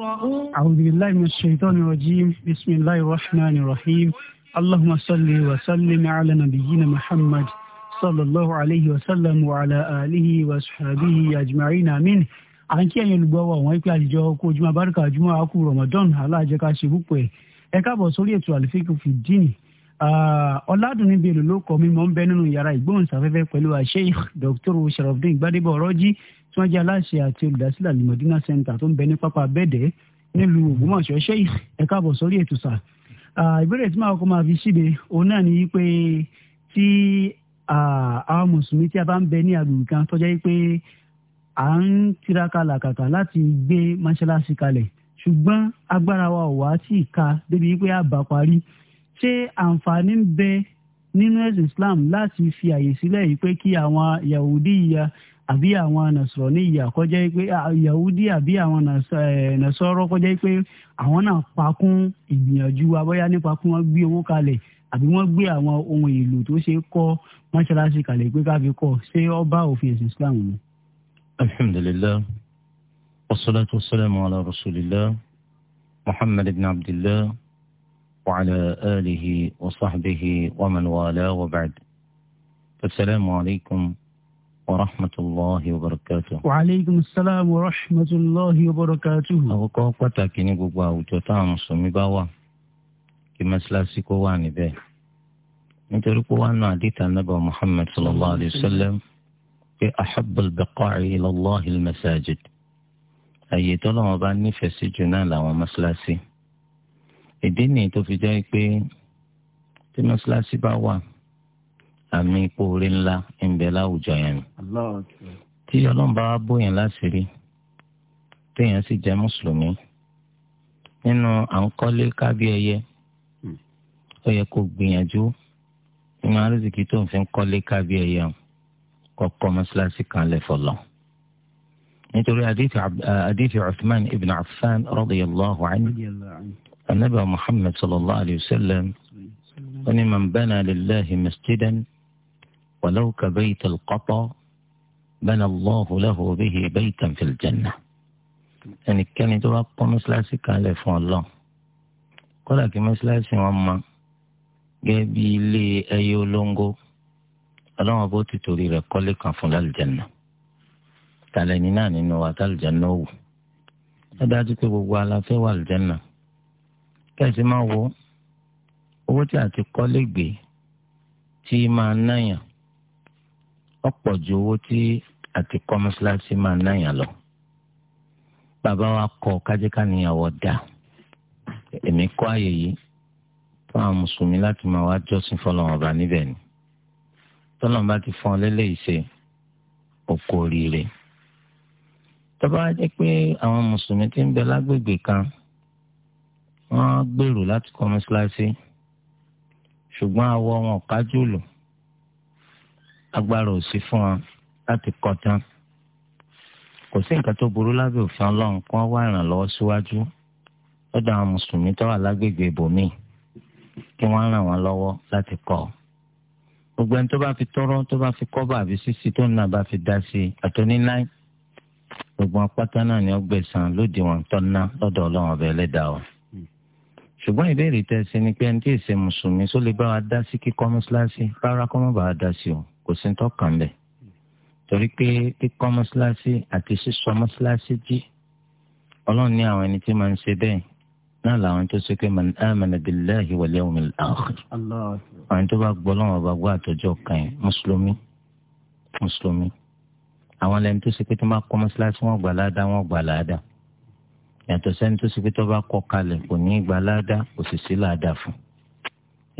أعوذ بالله من الشيطان الرجيم بسم الله الرحمن الرحيم اللهم صل وسلم على نبينا محمد صلى الله عليه وسلم وعلى آله وصحبه أجمعين آمين à ń kí ẹ̀yin olùgbọ́wọ́ àwọn ìpè àjọ ọkọ̀ ojúmọ́ abárúkà ojúmọ́ àkú Ramadan aláàjẹká ṣe púpọ̀ ẹ̀ ẹ káàbọ̀ sórí ètò àlùfíìkù fìdíìnì ọ̀làdùnní bèlò ló kọ́ mi mọ́ ń bẹ nínú yàrá ìgbóhùnsáfẹ́fẹ́ pẹ̀lú Sheikh Dr. Sharafdin Gbadebo Ọ̀rọ̀jì tí wọ́n jẹ́ aláṣẹ àti olùdásílẹ̀ alimọ̀dínà center tó ń bẹ ní pápá bẹ́ẹ̀dẹ́ nílùú Ògbómọ̀ṣọ́ ṣẹ́yìn ẹ káàbọ̀ sórí ètò sà ìbéèrè tí màá kọ́ máa fi ṣíde òun náà ni pé tí àwọn mùsùlùmí tí a bá ń bẹ ní agbègbè kan tó jẹ́ pé à ń tiraka làkàkà láti gbé mọ́ṣáláṣí kalẹ̀ ṣùgbọ́n agbára wa ò wá tí ì ka débi pé a bá parí ṣé àǹfààní ń bẹ nínú ẹ̀sìn Islam láti fi àyè sílẹ̀ yìí pé kí àwọn Yahudi ya àbí àwọn nàṣọ̀rọ̀ ní ìyà kọjá pé yahudi àbí àwọn nàṣọ̀rọ̀ kọjá pé àwọn náà pakún ìgbìyànjú abọ́yá nípa kí wọ́n gbé owó kalẹ̀ àbí wọ́n gbé àwọn ohun èlò tó ṣe kọ́ mọ́ṣáláṣí kalẹ̀ pé ká kọ́ ṣé ó òfin ẹ̀sìn Islam mu. alhamdulilayi wasalaatu wasalaamu ala rasulillah muhammad ibn abdillah wa ala alihi wa sahbihi wa man wa ba'd. asalaamu As ورحمة الله وبركاته وعليكم السلام ورحمة الله وبركاته أوكوكو تاكيني غوغو أوتو تام سومي باوا كي مسلا سيكو واني بي نتركو وانو عديت محمد صلى الله عليه وسلم في أحب البقاع إلى الله المساجد أي تولو مباني في سجنا لو مسلا إديني تو بي تمسلا باوا àmì ipò orí ńlá ń bẹ láwùjọ yẹn ni. tí ọlọ́run bá wá bóyàn láṣìírí téèyàn sì jẹ́ mùsùlùmí nínú à ń kọ́lé kábí ẹyẹ hmm. ó yẹ kó gbìyànjú nínú àrísìkí tó ń fi kọ́lé kábí ẹyẹ kọ́kọ́ mọ́ṣáláṣí kan lẹ́fọ̀ lọ. nítorí adífi eh, Uthman ibn Affan radiyallahu anhu anabi muhammad sallallahu alayhi wa sallam ó ní man bana lillahi masjidan. ولو كبيت القطا بنى الله له به بيتا في الجنة يعني كان يتوقع مسلسي كالي الله kódà kí mọ́ṣáláṣí wọn mọ gẹ́gẹ́ bí ilé ẹyẹ olóńgó ọlọ́wọ́n bó ti torí rẹ̀ kọ́lé kan fún lálùjẹ́nà tàlẹ́ni náà nínú wa tálùjẹ́nà wò ó dájú pé gbogbo aláfẹ́ wà lùjẹ́nà kẹ́sì máa wo owó tí a ti kọ́lé gbé tí máa náyàn ọ̀pọ̀ ju owó tí àti kọ́ mọ́ṣáláṣí máa ń náyàn lọ. bàbá wa kọ kájíká níyàwó dà èmi kọ́ àyè yìí fún àwọn mùsùlùmí láti máa wá jọ́sìn fọlọ́wọn ọba níbẹ̀ ni. tọ́lọ́n bá ti fọ́n lélẹ́yìí ṣe oko oríire. tọ́ba wá jẹ́ pé àwọn mùsùlùmí ti ń bẹ lágbègbè kan wọ́n gbèrò láti kọ́ ṣùgbọ́n àwọ̀ wọn kájú lò agbára ò sí fún wọn láti kọ́ tán kò sí nǹkan tó burú lábẹ́ òfin ọlọ́run kó wá ìrànlọ́wọ́ síwájú lọ́dọ̀ àwọn mùsùlùmí tó wà lágbègbè ibòmíì kí wọ́n ràn wọ́n lọ́wọ́ láti kọ́ gbogbo ẹni tó bá fi tọrọ tó bá fi kọ́ bàbí sísí tó nà bá fi dá sí àtọ́níláì gbogbo apáta náà ni ó gbẹ̀sán lóde wọn tó ná lọ́dọ̀ ọlọ́run ọbẹ̀ ẹlẹ́dàá o ṣùgbọ́n ìbéèrè tẹ́ ni pé ẹni tí èsè kò sí tọkàn bẹ́ẹ̀ torí pé kíkọ́ mọ́ṣáláṣí àti sísọ mọ́ṣáláṣí jí ọlọ́run ní àwọn ẹni tí máa ń ṣe bẹ́ẹ̀ náà làwọn tó ṣe pé man amana billahi wal yawmil akhir àwọn tó bá gbọ́ lọ́wọ́ bá gbọ́ àtọ́jọ́ kan yẹn mùsùlùmí mùsùlùmí àwọn lẹ́ni tó ṣe pé tó máa kọ́ mọ́ṣáláṣí wọn gbà ládàá wọn gbà ládàá yàtọ̀ sẹ́ni tó ṣe pé tó bá kọ́ kalẹ̀ kò ní gbà ládàá kò sì sí ládàá fún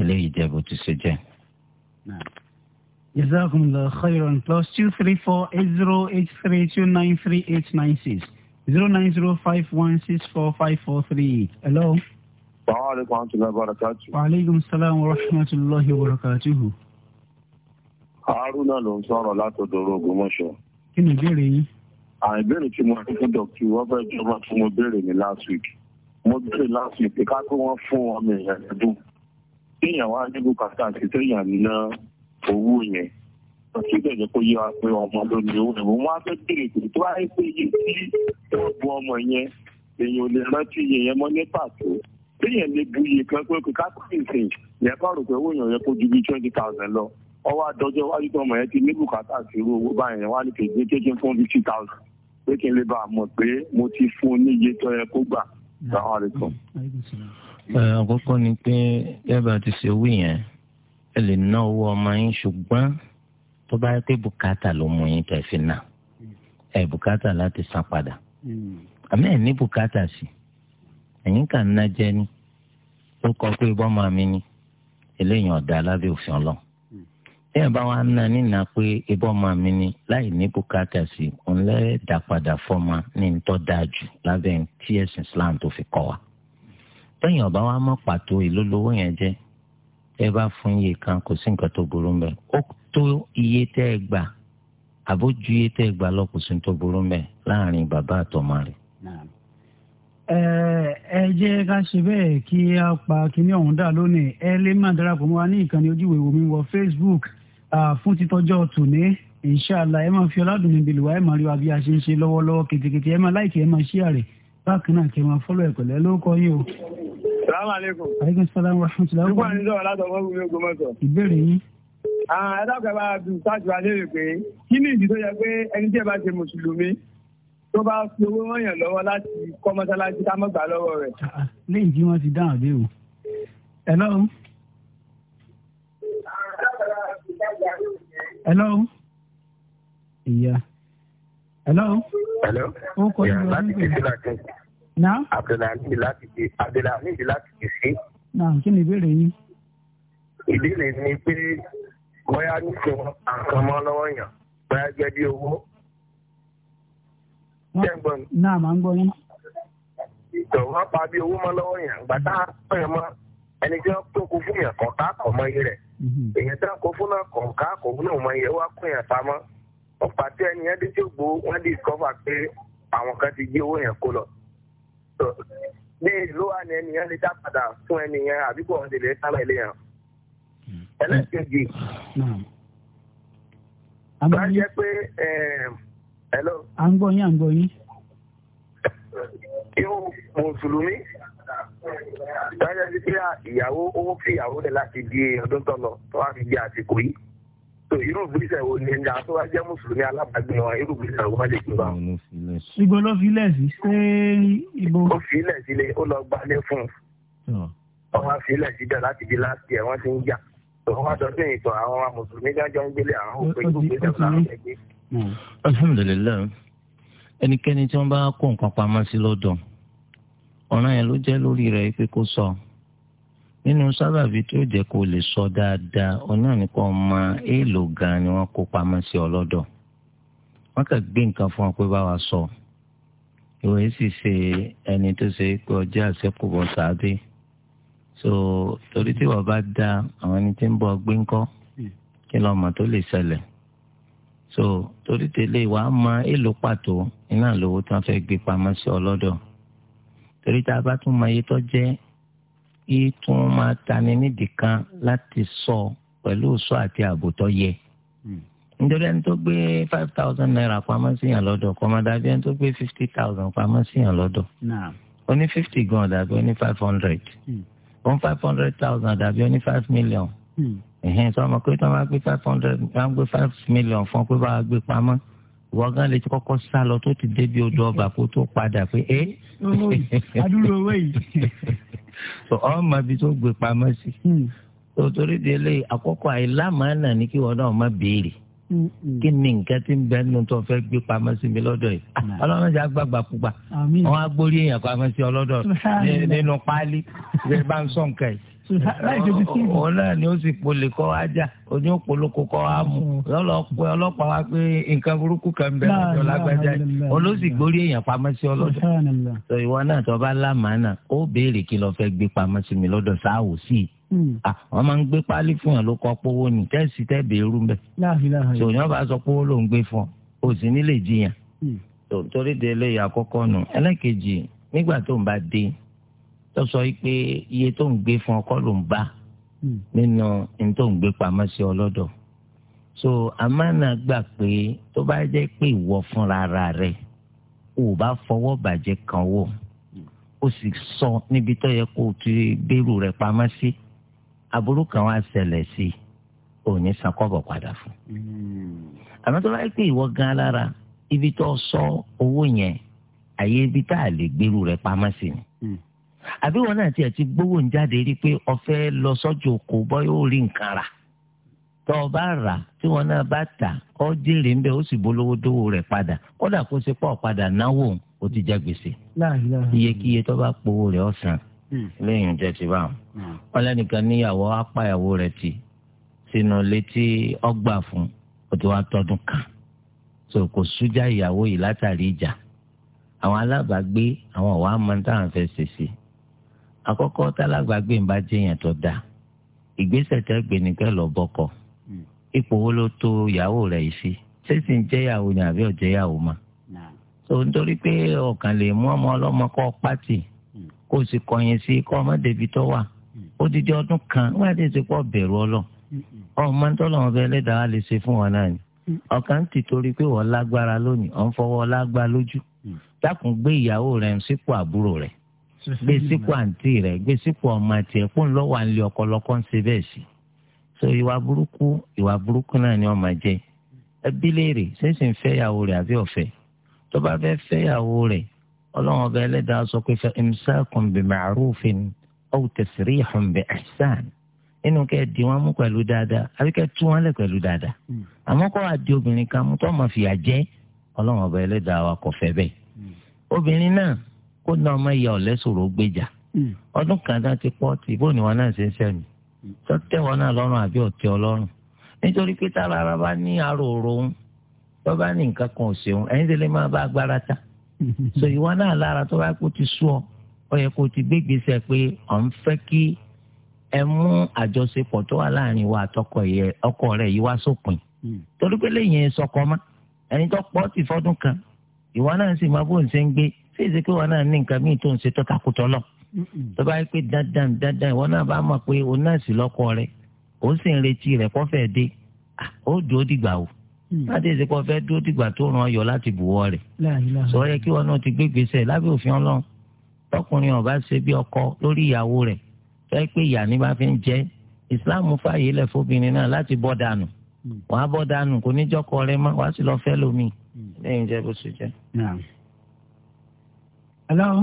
eléyìí jẹ́ bó ti ṣe jẹ́ jazakumullah khairan plus two three four eight zero eight three two nine three eight nine six zero nine zero five one six four five four three eight. hello. salaamaleykum wa rahmatulahi wa barakatuhu. wa aleykum salaam wa rahmatulahi wa barakatuhu. haruna ló ń sọ̀rọ̀ látọ̀dọ̀rọ̀ ògbómọ̀ṣọ́. kí ni ìbéèrè yín. Ah, last week. mo béèrè last week pé ká pé wọ́n fún ọmọ èèyàn ẹ̀dùn. téèyàn wá níbùkátà àti téèyàn náà owó yẹn kí bẹ̀rẹ̀ kó yẹ wa pé ọmọ ló ní owó yẹn wọ́n á fẹ́ bèrè pé tó wáyé pé iye tí wọ́n bu ọmọ yẹn èèyàn ò lè rántí iye yẹn mọ́ ní pàtó téèyàn lè bu iye kan pé kò kápẹ́ ìsìn yẹn kọ́ rò pé owó yẹn yẹ kó ju bíi twenty thousand lọ ọwọ́ àdọ́jọ́ wájú tó ọmọ yẹn ti ní bùkátà sí irú owó báyẹn wá ní kéde kéde fún fifty thousand pé kí n lè bá a mọ̀ pé mo ti fún un ní iye tó yẹ kó gbà. àkọ́kọ́ ni pé ẹ lè ná owó ọmọ yín ṣùgbọ́n tó bá yẹ pé bùkátà ló mú yín kẹfì náà ẹ bùkátà láti san padà àmì ẹ ní bùkátà sí ẹ̀yin kà ń ná jẹ ni ó kọ pé bọ́mọ mi ni eléyìí ọ̀dà alábẹ́ òfin ọlọ́ bẹ́ẹ̀ bá wa ná nínà pé ìbọ́mọ mi ni láì ní bùkátà sí ònlẹ́ dàpadà fọ́mọ ní ntọ́ dáa jù lábẹ́ tí ẹ̀sìn Islam tó fi kọ́ wa bẹ́ẹ̀ ọ̀bá wa mọ̀ pàtó ìlólówó yẹn jẹ́ tẹ́ bá fún iye kan kò sí nǹkan tó burú mẹ́ ó tó iye tẹ́ ẹ gbà àbójú iye tẹ́ ẹ gbà lọ kò sí nǹkan tó burú mẹ́ láàrin bàbá àtọmọ rẹ̀. ẹ jẹ́ ká ṣe bẹ́ẹ̀ kí a pa kinní ọ̀hún dà lónìí ẹ lè má darapọ̀ mọ́ wa ní ìkànnì ojúwe wo mi wọ Facebook fún títọ́jọ́ tòní inṣàlá ẹ máa fi ọládùn níbi ìlú wa ẹ máa rí wa bí a ṣe ń ṣe lọ́wọ́lọ́wọ́ kìtìkìtì ẹ máa láìkì ẹ máa ṣíà rẹ̀ bákan náà kí ẹ máa fọ́lọ́ ẹ̀ ló kọ́ yín o. Assalamu alaikum. Aleykum salaam wa rahmatulah. Nígbà ní sọ̀rọ̀ látọ̀wọ́ gbogbo Ògbómọ̀ṣọ́. Ìbéèrè yín. Ẹ dákẹ́ bá bí sáàtì wa léèrè pé kí ni ìdí tó yẹ pé ẹni tí ẹ bá ṣe Mùsùlùmí tó bá fi owó mọ̀yàn lọ́wọ́ láti kọ́ mọ́sálásí ká mọ́gbà lọ́wọ́ rẹ̀. Lẹ́yìn tí wọ́n ti dáhùn bí o. Hello. Hello. Ìyá. Hello. Hello. Ó kọ́ ìgbà wọn nígbà abdulhamid láti di abdulhamid láti di sí. kí ni ìbéèrè yín. ìbéèrè ni pé bóyá níṣẹ́ wọn àǹkan mọ́ lọ́wọ́ yàn bóyá jẹ́ bí owó. náà máa ń gbọ́ yín. ìtọ̀ wọn pa bí owó mọ́ lọ́wọ́ yàn gbàtà pẹ̀ mọ́ ẹni tí wọn tó kó fún yàn kọ̀ọ̀ká kọ̀ mọ́ iye rẹ̀ mhm. èyàn tí wọn kó fún náà kọ̀ọ̀ká kọ̀ fún náà mọ́ iye wá kó yàn pamọ́ ọ̀pá tí ẹni ẹdí tí gbó wọn dì kọ́fà pé àwọn kan ti jí owó yẹn kó lọ bí ló wà ní ẹnìyàn lè dá padà fún ẹnìyàn àbí kò wọ́n lè lè sára ilé yẹn. ẹlẹ́kẹ̀jì bá jẹ́ pé hello. à ń gbọ́ yín à ń gbọ́ yín. irú mùsùlùmí bá jẹ́ pé ìyàwó owó fi ìyàwó rẹ̀ láti di ọdún tó lọ tó wà fi di àsìkò yìí tó irú ìgbésẹ̀ wo ni ẹ̀yà tó wá jẹ́ mùsùlùmí alábàágbé wọn irú ìgbésẹ̀ wo ibo ló filẹ̀ sí ṣé ibo. ó filẹ̀ sílé ó lọ gbalé fún un ọmọ filẹ̀ síbẹ̀ láti di last year wọ́n ti ń jà tòun wá sọ sí ìtọ̀ àwọn mùsùlùmí dájọ́ ń gbélé àwọn òpin irú ìgbésẹ̀ wọn làwọn ẹgbẹ́. alhamdulilayi ẹnikẹ́ni tí wọ́n bá kó nǹkan pamọ́ sí lọ́dọ̀ ọ̀ràn yẹn ló jẹ́ lórí rẹ̀ pé kó sọ nínú sábàbí tí ó jẹ́ kó lè sọ dáadáa ọ̀nà nípa ọmọ èèlò gan ni wọ́n kó pamọ́ sí ọlọ́dọ̀ wọ́n kàn gbé nǹkan fún ọ pé bá wa sọ ìwé sì ṣe ẹni tó ṣe pé ọjọ́ àṣẹkùbọ̀ sáadé so torí tí wọ́n bá da àwọn ẹni tí ń bọ̀ gbé ńkọ́ kí lọ́mọ tó lè ṣẹlẹ̀ so torí tẹ́lẹ̀ wàá mọ èèlò pàtó iná lówó tí wọ́n fẹ́ gbé pamọ́ sí ọlọ́dọ̀ torí tá a bá tún mọ iye tó jẹ́ í tún máa tani nídìí kan láti sọ pẹ̀lú sọ àti àbòtọ́ yẹ. Hmm. nítorí ẹni tó gbé five thousand naira pamọ́ sí yàn lọ́dọ̀ kò máa dàbí ẹni tó gbé fifty thousand pamọ́ sí yàn lọ́dọ̀. oní fifty gan dàbí oní five hundred. oní hmm. five hundred thousand dàbí oní five million. Hmm. ẹ̀hìn sọ ma pé tí wọ́n bá gbé five hundred wọ́n á gbé five million fún ọ pé bá gbé pamọ́ wọ́n gan lè ti kọ́kọ́ sá lọ tó ti débi odò ọba kó tó padà pé ẹ́. Eh? adúlọ owó yìí. tó ọmọ ibi tó gbé pamọ́ sí. Hmm. tòtòrí délé àkọ́kọ́ àìlámàánà ni kí wọn náà má béèrè. Hmm, hmm. kí ni nǹkan tí ń bẹ nínú tó fẹ́ gbé pamọ́ sí mi lọ́dọ̀ yìí. Ah, ọlọ́run ṣe àgbàgbà pupa. àwọn agbórí èèyàn pamọ́ sí ọlọ́dọ̀ nínú páálí. bẹ́ẹ̀ bá ń sọ nǹkan yìí òun náà ni ó sì polè kọ́ ajá oní òpolóko kọ́ amú ọlọ́pàá wa pé nǹkan burúkú kan bẹ̀rẹ̀ ọjọ́ lágbájá òun ló sì gbórí èèyàn pamọ́ sí ọlọ́dọ̀ sọ ìwọ náà tó bá lámàánà ó béèrè kí lọ fẹ́ gbé pamọ́ sí mi lọ́dọ̀ sáàwò sí i hmm. ah, wọ́n máa ń gbé pálí fún yàn ló kọ́ pówó ni tẹ́sí tẹ́ bẹ̀rù mbẹ́ sòyìn ọba sọ pówó ló ń gbé fún ọ òsì nílè jiyàn hmm. torí de eléyìí àkọ́kọ́ nù ẹlẹ́kejì nígbà tó ń bá dé tó sọ pé iye tó ń gbé fún ọkọ ló ń bá hmm. nínú ní tó ń gbé pamọ́ sí ọlọ́dọ̀ so amánà gbà pé tó bá jẹ́ pé ìwọ fúnra ara rẹ̀ ò bá fọwọ́ bàjẹ́ kan wò ó sì sọ níbi tó yẹ kó o ti bẹ́rù rẹ̀ pamọ́ sí aburú kan wá ṣẹlẹ̀ sí i ò ní san kọ́bọ̀ padà fún un. Hmm. àmọ́ tó bá yẹ pé ìwọ gan lára ibi tó sọ owó yẹn àyè ibi tá a lè gbèrú rẹ̀ pamọ́ sí ni. Hmm àbí wọn náà tiẹ̀ ti gbowó ń jáde rí pé ọ̀fẹ́ lọ sọ́jọ́ kò bọ́ yóò rí nǹkan rà tọ́ ọ bá rà tí wọn náà bá tà ọ jèrè ńbẹ ó sì bolówó dówó rẹ̀ padà kódà kó ṣe pọ̀ padà náwó ó ti jẹ gbèsè iyekíye tó bá powó rẹ̀ ọ̀sán hmm. lẹ́yìn jẹ́ ti báwọn hmm. ọlẹ́nìkan níyàwó apáyàwó rẹ̀ ti sínú létí ọgbà fún ó ti wá tọdún kan so kò sújà ìyàwó yìí látàrí ìjà àwọn alábàágbé àwọn ọ̀wá máa táwọn fẹ́ ṣèṣe àkọ́kọ́ tálágbàgbé ń bá jẹ́yàn tó dáa ìgbésẹ̀ tẹ́ gbé ni kẹ́ lọ bọ́kọ hmm. ipò wo ló tó ìyàwó rẹ̀ yìí sí sẹ́sì ń jẹ́yàwó ni àbí ọ̀jẹ́yàwó ma. tó nítorí pé ọ̀kan lè mú ọmọ ọlọ́mọ kọ́ pátì hmm. kó o sì kọyìn sí kọ́ ọmọ débi tó wà hmm. ó ti di ọdún kan wọ́n á ti ṣe pọ̀ bẹ̀rù ọlọ́ ọmọ tó lọ́wọ́ fẹ́ lẹ́dàá lè ṣe fún wọn náà ni ọ̀kan ti torí pé wọ́n lágbára lónìí ọ̀ ń fọwọ́ lágbá lójú dákùn gbé ìyàwó rẹ̀ sípò àbúrò rẹ̀ gbé sípò àǹtí rẹ̀ gbé sípò ọmọ tiẹ̀ kó ń lọ wà nílé ń ṣe bẹ́ẹ̀ sí so ìwà burúkú ìwà burúkú náà ni ọmọ jẹ ẹbí léèrè ṣéṣì ń fẹ́yàwó rẹ̀ àbí ọ̀fẹ́ tó bá fẹ́ fẹ́yàwó rẹ̀ ọlọ́run ọba ẹlẹ́dàá sọ pé imsakun bi ma'rufin aw tasrihun bi ihsan nínú kẹ́ ẹ di wọn mú pẹ̀lú dáadáa àbí kẹ́ ẹ tú wọn lẹ̀ pẹ̀lú dáadáa àmọ́ kọ́ wa obìnrin kan mú tó fìyà jẹ ọlọ́run ọba ẹlẹ́dàá wa kò fẹ́ obìnrin náà kó náà má yà ọ̀lẹ́ gbéjà hmm. ọdún kan dá ti pọ́ ti bó ni wọn náà ṣe ń sẹ́mi hmm. tọ́tẹ́ wọn náà lọ́rùn àbí ọ̀tẹ́ ọlọ́run nítorí pé bá ní àròrò ń tó bá ní kan òṣèlú ẹ̀yin tẹ́lẹ̀ máa bá agbára ta hmm. so ìwọ náà lára tó bá kó ti sú ọ yẹ kó ti gbégbèsè pé ọ̀ ń fẹ́ kí ẹ mú ọkọ rẹ yìí wá sópin torí pé sọkọ ṣé èsì pé wọn náà ní nǹkan míì tó ń ṣe tọ́ta kó tọ́lọ̀ tó bá yẹ pé dandan dandan ìwọ náà bá mọ̀ pé òun náà sì lọ́kọ rẹ̀ òun sì ń retí rẹ̀ kó fẹ́ dé ó dúró dìgbà o láti èsì pé wọn fẹ́ dúró dìgbà tó ràn yọ láti bùwọ́ rẹ̀ sọ yẹ kí wọn náà ti gbé gbèsè òfin ọlọ́run tọkùnrin ọba ṣe bí ọkọ lórí ìyàwó rẹ̀ tó yẹ pé ìyà ni bá fi ń jẹ ìsìláàmù fààyè lẹ̀ fóbìnrin náà láti bọ́ dànù mm. wàá bọ́ dànù kò ní jọ́kọ rẹ̀ mọ́ wàá sì lọ fẹ́ lómi mm. lẹ́yìn jẹ́ bó ṣe jẹ́. Hello.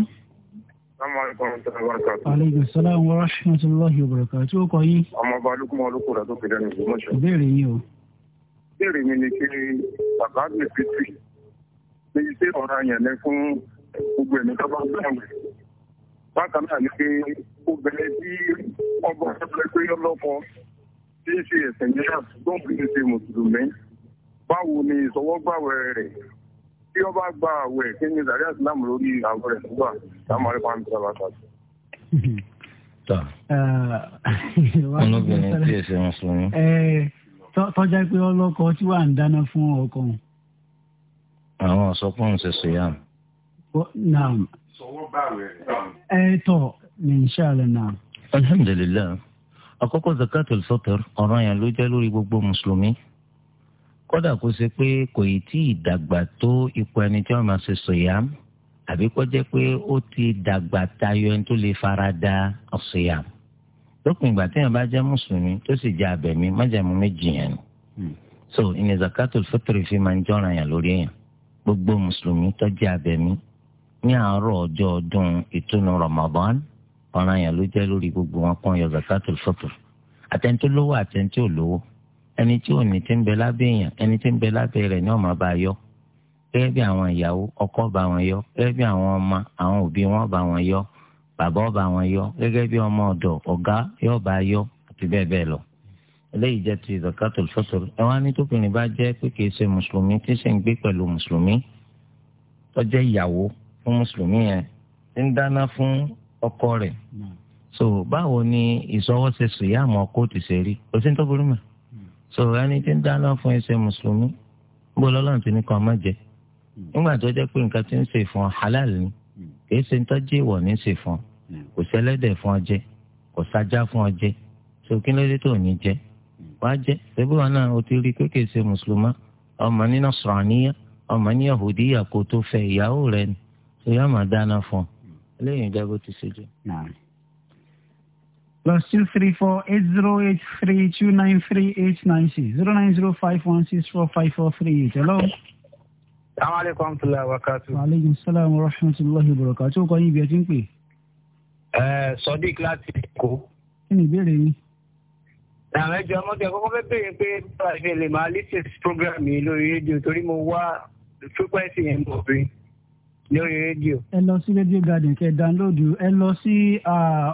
Aleykum salaam wa rahmatulahi wa barakatuh. Tí ó kọ yín. Ọmọ ọba Alúkúmọ̀ Olúkúra tó fi dẹ́nu ìgbìmọ̀ṣẹ́. Ìbéèrè yín o. Ìbéèrè mi ni kí bàbá mi fi tì. Ṣé iṣẹ́ ọ̀rọ̀ yẹn lẹ fún gbogbo ẹ̀mí tó bá gbẹ̀wẹ̀? Bákan náà ni pé obìnrin tí ọba ọ̀sẹ̀ pé ọlọ́kọ tí ń ṣe ẹ̀sìn yẹn àtúgbọ̀n kì í ṣe mùsùlùmí. Báwo ni ìsọwọ́gbàwẹ̀ tí wọ́n bá gba àwẹ̀ kí ni zaria islam lórí àwẹ̀ rẹ̀ nígbà táwọn ọ̀rẹ́ pàmì sábà sá. ọlọ́bìnrin tí ẹ ṣe mùsùlùmí. tọ́jà pé ọlọ́kọ tí wàá ń dáná fún ọkọ. àwọn ọ̀sọ́pọ̀ ń ṣe sèyàn. naam. sọwọ́ bá rẹ̀ dáhùn. ẹ tọ̀ ní ìṣàlẹ̀ náà. alhamdulilayi àkọ́kọ́ zakatul fitr ọ̀ranyàn ló jẹ́ lórí gbogbo mùsùlùmí kódà kó ṣe pé kò ì tí ì dàgbà tó ipò ẹni tí wọ́n máa ṣe sòyàm àbí kó jẹ́ pé ó ti dàgbà tayọ ẹni tó lè fara da ọ̀sòyàm lópin ìgbà téèyàn bá jẹ́ mùsùlùmí tó sì jẹ́ abẹ̀mí májàmú méjì yẹn ni hmm. so ìní zakatul fitri fi máa ń jọ́ra yàn lórí èèyàn gbogbo mùsùlùmí tó jẹ́ abẹ̀mí ní àárọ̀ ọjọ́ ọdún ìtúnu Ramadan ọ̀ranyàn ló jẹ́ lórí gbogbo wọn kan yọ zakatul fitri àtẹ̀ntó lówó àtẹ̀ntó olówó ẹni tí ò ní ti ń bẹ lábẹ́ èèyàn ẹni tí ń bẹ lábẹ́ rẹ̀ ni ọmọ bá yọ gẹ́gẹ́ bí àwọn ìyàwó ọkọ bá wọn yọ gẹ́gẹ́ bí àwọn ọmọ àwọn òbí wọn bá wọn yọ bàbá ọba wọn yọ gẹ́gẹ́ bí ọmọ ọ̀dọ̀ ọ̀gá yóò bá yọ àti bẹ́ẹ̀ bẹ́ẹ̀ lọ eléyìí jẹ́ ti zakatul fitr ẹ wá ní tóbìnrin bá jẹ́ pé kìí ṣe mùsùlùmí tí ṣe ń gbé pẹ̀lú mùsùlùmí tó jẹ́ ìyàwó fún mùsùlùmí yẹn tí ń dáná fún ọkọ rẹ̀ so báwo ni ìsọwọ́sẹsọ ìyá àmọ́ kóòtù ṣe rí òsín tó burú mọ́ so ẹni tí ń dáná fún ẹsẹ mùsùlùmí gbọ́ lọ́lọ́run ti ní kàn má jẹ nígbà tó jẹ́ pé nǹkan tí ń ṣe fún ọ halal ni kìí ṣe ń tọ́jú ìwọ̀ ní ṣe fún ọ kò ṣẹlẹ́dẹ̀ fún ọ jẹ kò sájà fún ọ jẹ so kí ló dé tó ní jẹ wàá jẹ ṣébí wọn náà o ti rí pé kìí ṣe mùsùlùmá ọmọ ní Nasraniya ọmọ ní Yahudiya kó tó fẹ́ ìyàwó rẹ ni so yóò máa dáná fún ọ eléyìí ń ti ṣe jẹ plus two three four eight zero eight three two nine three eight nine six zero nine zero five one six four five four three eight. hello. Assalamu alaikum tula wakatu. Wa alaikum Salaam wa rahmatullahi wa barakatuh. Ó kọ́ yín ibi ẹ ti ń pè. Ẹ Sodiq láti Èkó. Kí ni ìbéèrè yín? Àwọn ẹjọ́ ọmọdé àkọ́kọ́ fẹ́ béèrè pé báyìí lè máa listen sí program yìí lórí rédíò torí mo wá frequency yẹn mọ̀ bí lórí rédíò. ẹ lọ sí radio garden kẹ download ẹ lọ sí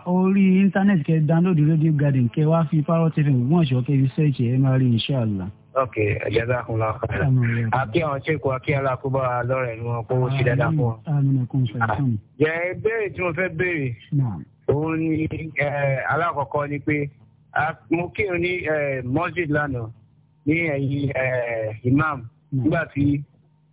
orí internet kẹ download radio garden kẹ wá fi parrot fm gbọ́nṣọ́ kẹ fi ṣẹ́ẹ̀kì ẹ máa rí inṣàlá. ok ẹjẹdá kun la kọjá àti àwọn ṣèkù akínyànlá àkóbá lọrẹ ni wọn kó sí dáadáa fún wọn. jẹ ìbéèrè tí mo fẹ́ béèrè òun ni alákọ̀ọ́kọ́ ni pé mo kírun ní mosjid lánàá ní ẹ̀yìn imam nígbà tí.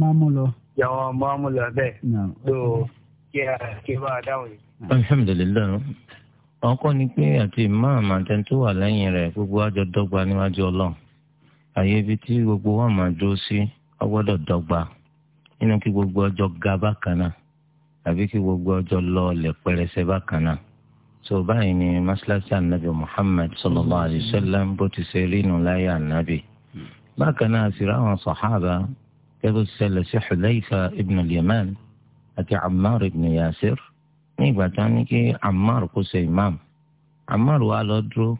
máàmù bẹ́ẹ̀. kí a kí a bá a dáhùn yìí. alhamdulilayi ọkọ ni pé àti imam àtẹnudó wà lẹ́yìn rẹ̀ gbogbo àjọ dọ́gba níwájú Ọlọ́run àyè ibi tí gbogbo máa dúró sí ọgbọ́dọ̀ gbogbo ọjọ́ ga bákan náà gbogbo ọjọ́ lọ pẹrẹsẹ bákan náà báyìí ni masalasi anabi Muhammad sallallahu alayhi wa bó ti ṣe rí bákan náà sì ráwọn sàhábà kẹ́bù ṣẹlẹ̀ sí Hudhayfa ibn al-Yaman àti Ammar ibn Yasir ní ìgbà tó ní kí Ammar kó ṣe imam Ammar wa lọ dúró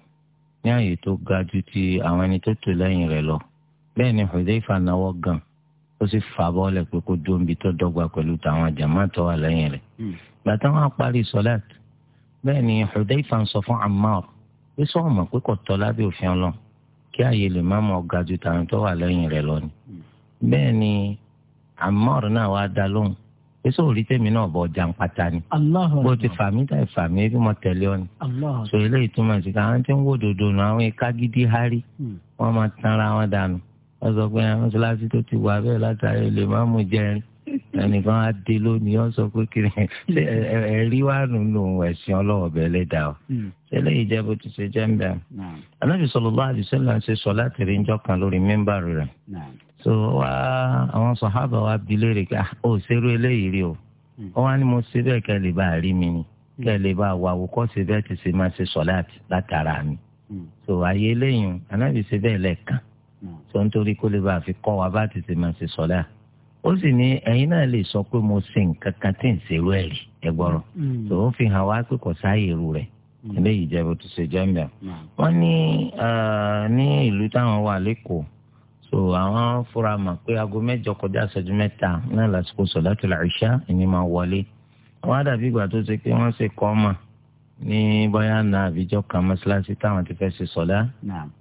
ní ààyè tó ga ju ti àwọn ẹni tó tò lẹ́yìn rẹ̀ lọ bẹ́ẹ̀ ni Hudhayfa náwó gan ó sì fà bọ́ọ̀lẹ̀ pé kó dó níbi tó dọ́gba pẹ̀lú tàwọn jàmá tó wà lẹ́yìn rẹ̀ hmm. gbàtà wọn parí sọ́láàtì bẹ́ẹ̀ ni Hudhayfa ń sọ fún Ammar pé sọ́ọ̀mọ̀ pé kò tọ́ lábẹ́ òfin ọlọ́run kí ààyè lè má mọ̀ ga ju tàwọn tó wà lẹ́yìn rẹ̀ lọ ni. bẹ́ẹ̀ ni Ammar náà wá dá lóhùn èso òrí tèmi náà bọ̀ jà ń pata ni bó ti fàmí tà fàmí ebi mọ tẹ̀lé ọ ni sọ eléyìí túmọ̀ sí ká àwọn tí ń wò dòdò nù àwọn ìka gidi hárí hmm. wọ́n máa tanra wọn dànù wọ́n sọ pé àwọn mọ́ṣáláṣí tó ti wà bẹ́ẹ̀ látàrí lè má mú jẹrin ẹnìkan á dé lónìí ó sọ pé kiri ẹ̀rí wà nínú ẹ̀sìn ọlọ́wọ́ bẹ́ẹ̀ lẹ́dà o tẹ́lẹ̀ hmm. ìjẹ́ bó ti ṣe jẹ́ ń bẹ̀. anábì sallallahu alaihi wasallam ṣe sọ láti rí njọ́ kan lórí mímbàrú rẹ̀ so wá àwọn sàhábà wa bi léèrè ká ó ṣerú eléyìí rí o hmm. ó wá ní mo ṣe bẹ́ẹ̀ kẹ́ lè bá a rí mi ni hmm. kẹ́ lè bá a wà wò ṣe bẹ́ẹ̀ ti ṣe máa ṣe sọ láti látara mi so àyè eléyìí anábì ṣe bẹ́ẹ̀ lẹ́ẹ̀kan so nítorí kó lè bá a fi kọ́ wa bá ti ṣe máa ṣe sọ láti ó sì ní ẹ̀yin náà lè sọ pé mo ṣe nǹkan kan tí ń ṣerú ẹ̀ rí ẹgbọràn tó mm. ń fi hàn wá pé kò sáàyè irú rẹ̀ mm. eléyìí jẹ́ bó ti ṣe jẹ́ ń bẹ̀. Mm. ní ní ìlú táwọn wà lẹ́kọ̀ọ́ so àwọn fúra mọ̀ pé aago mẹ́jọ kọjá ìṣẹ́jú mẹ́ta náà lásìkò sọ̀dá tó làrìṣà ìní máa wọlé wọ́n á dàbí ìgbà tó ṣe pé wọ́n ṣe kọ́ ọ́ ní bóyá na àbíjọ kan mọ́ṣáláṣí táwọn ti fẹ́ ṣe sọ́lá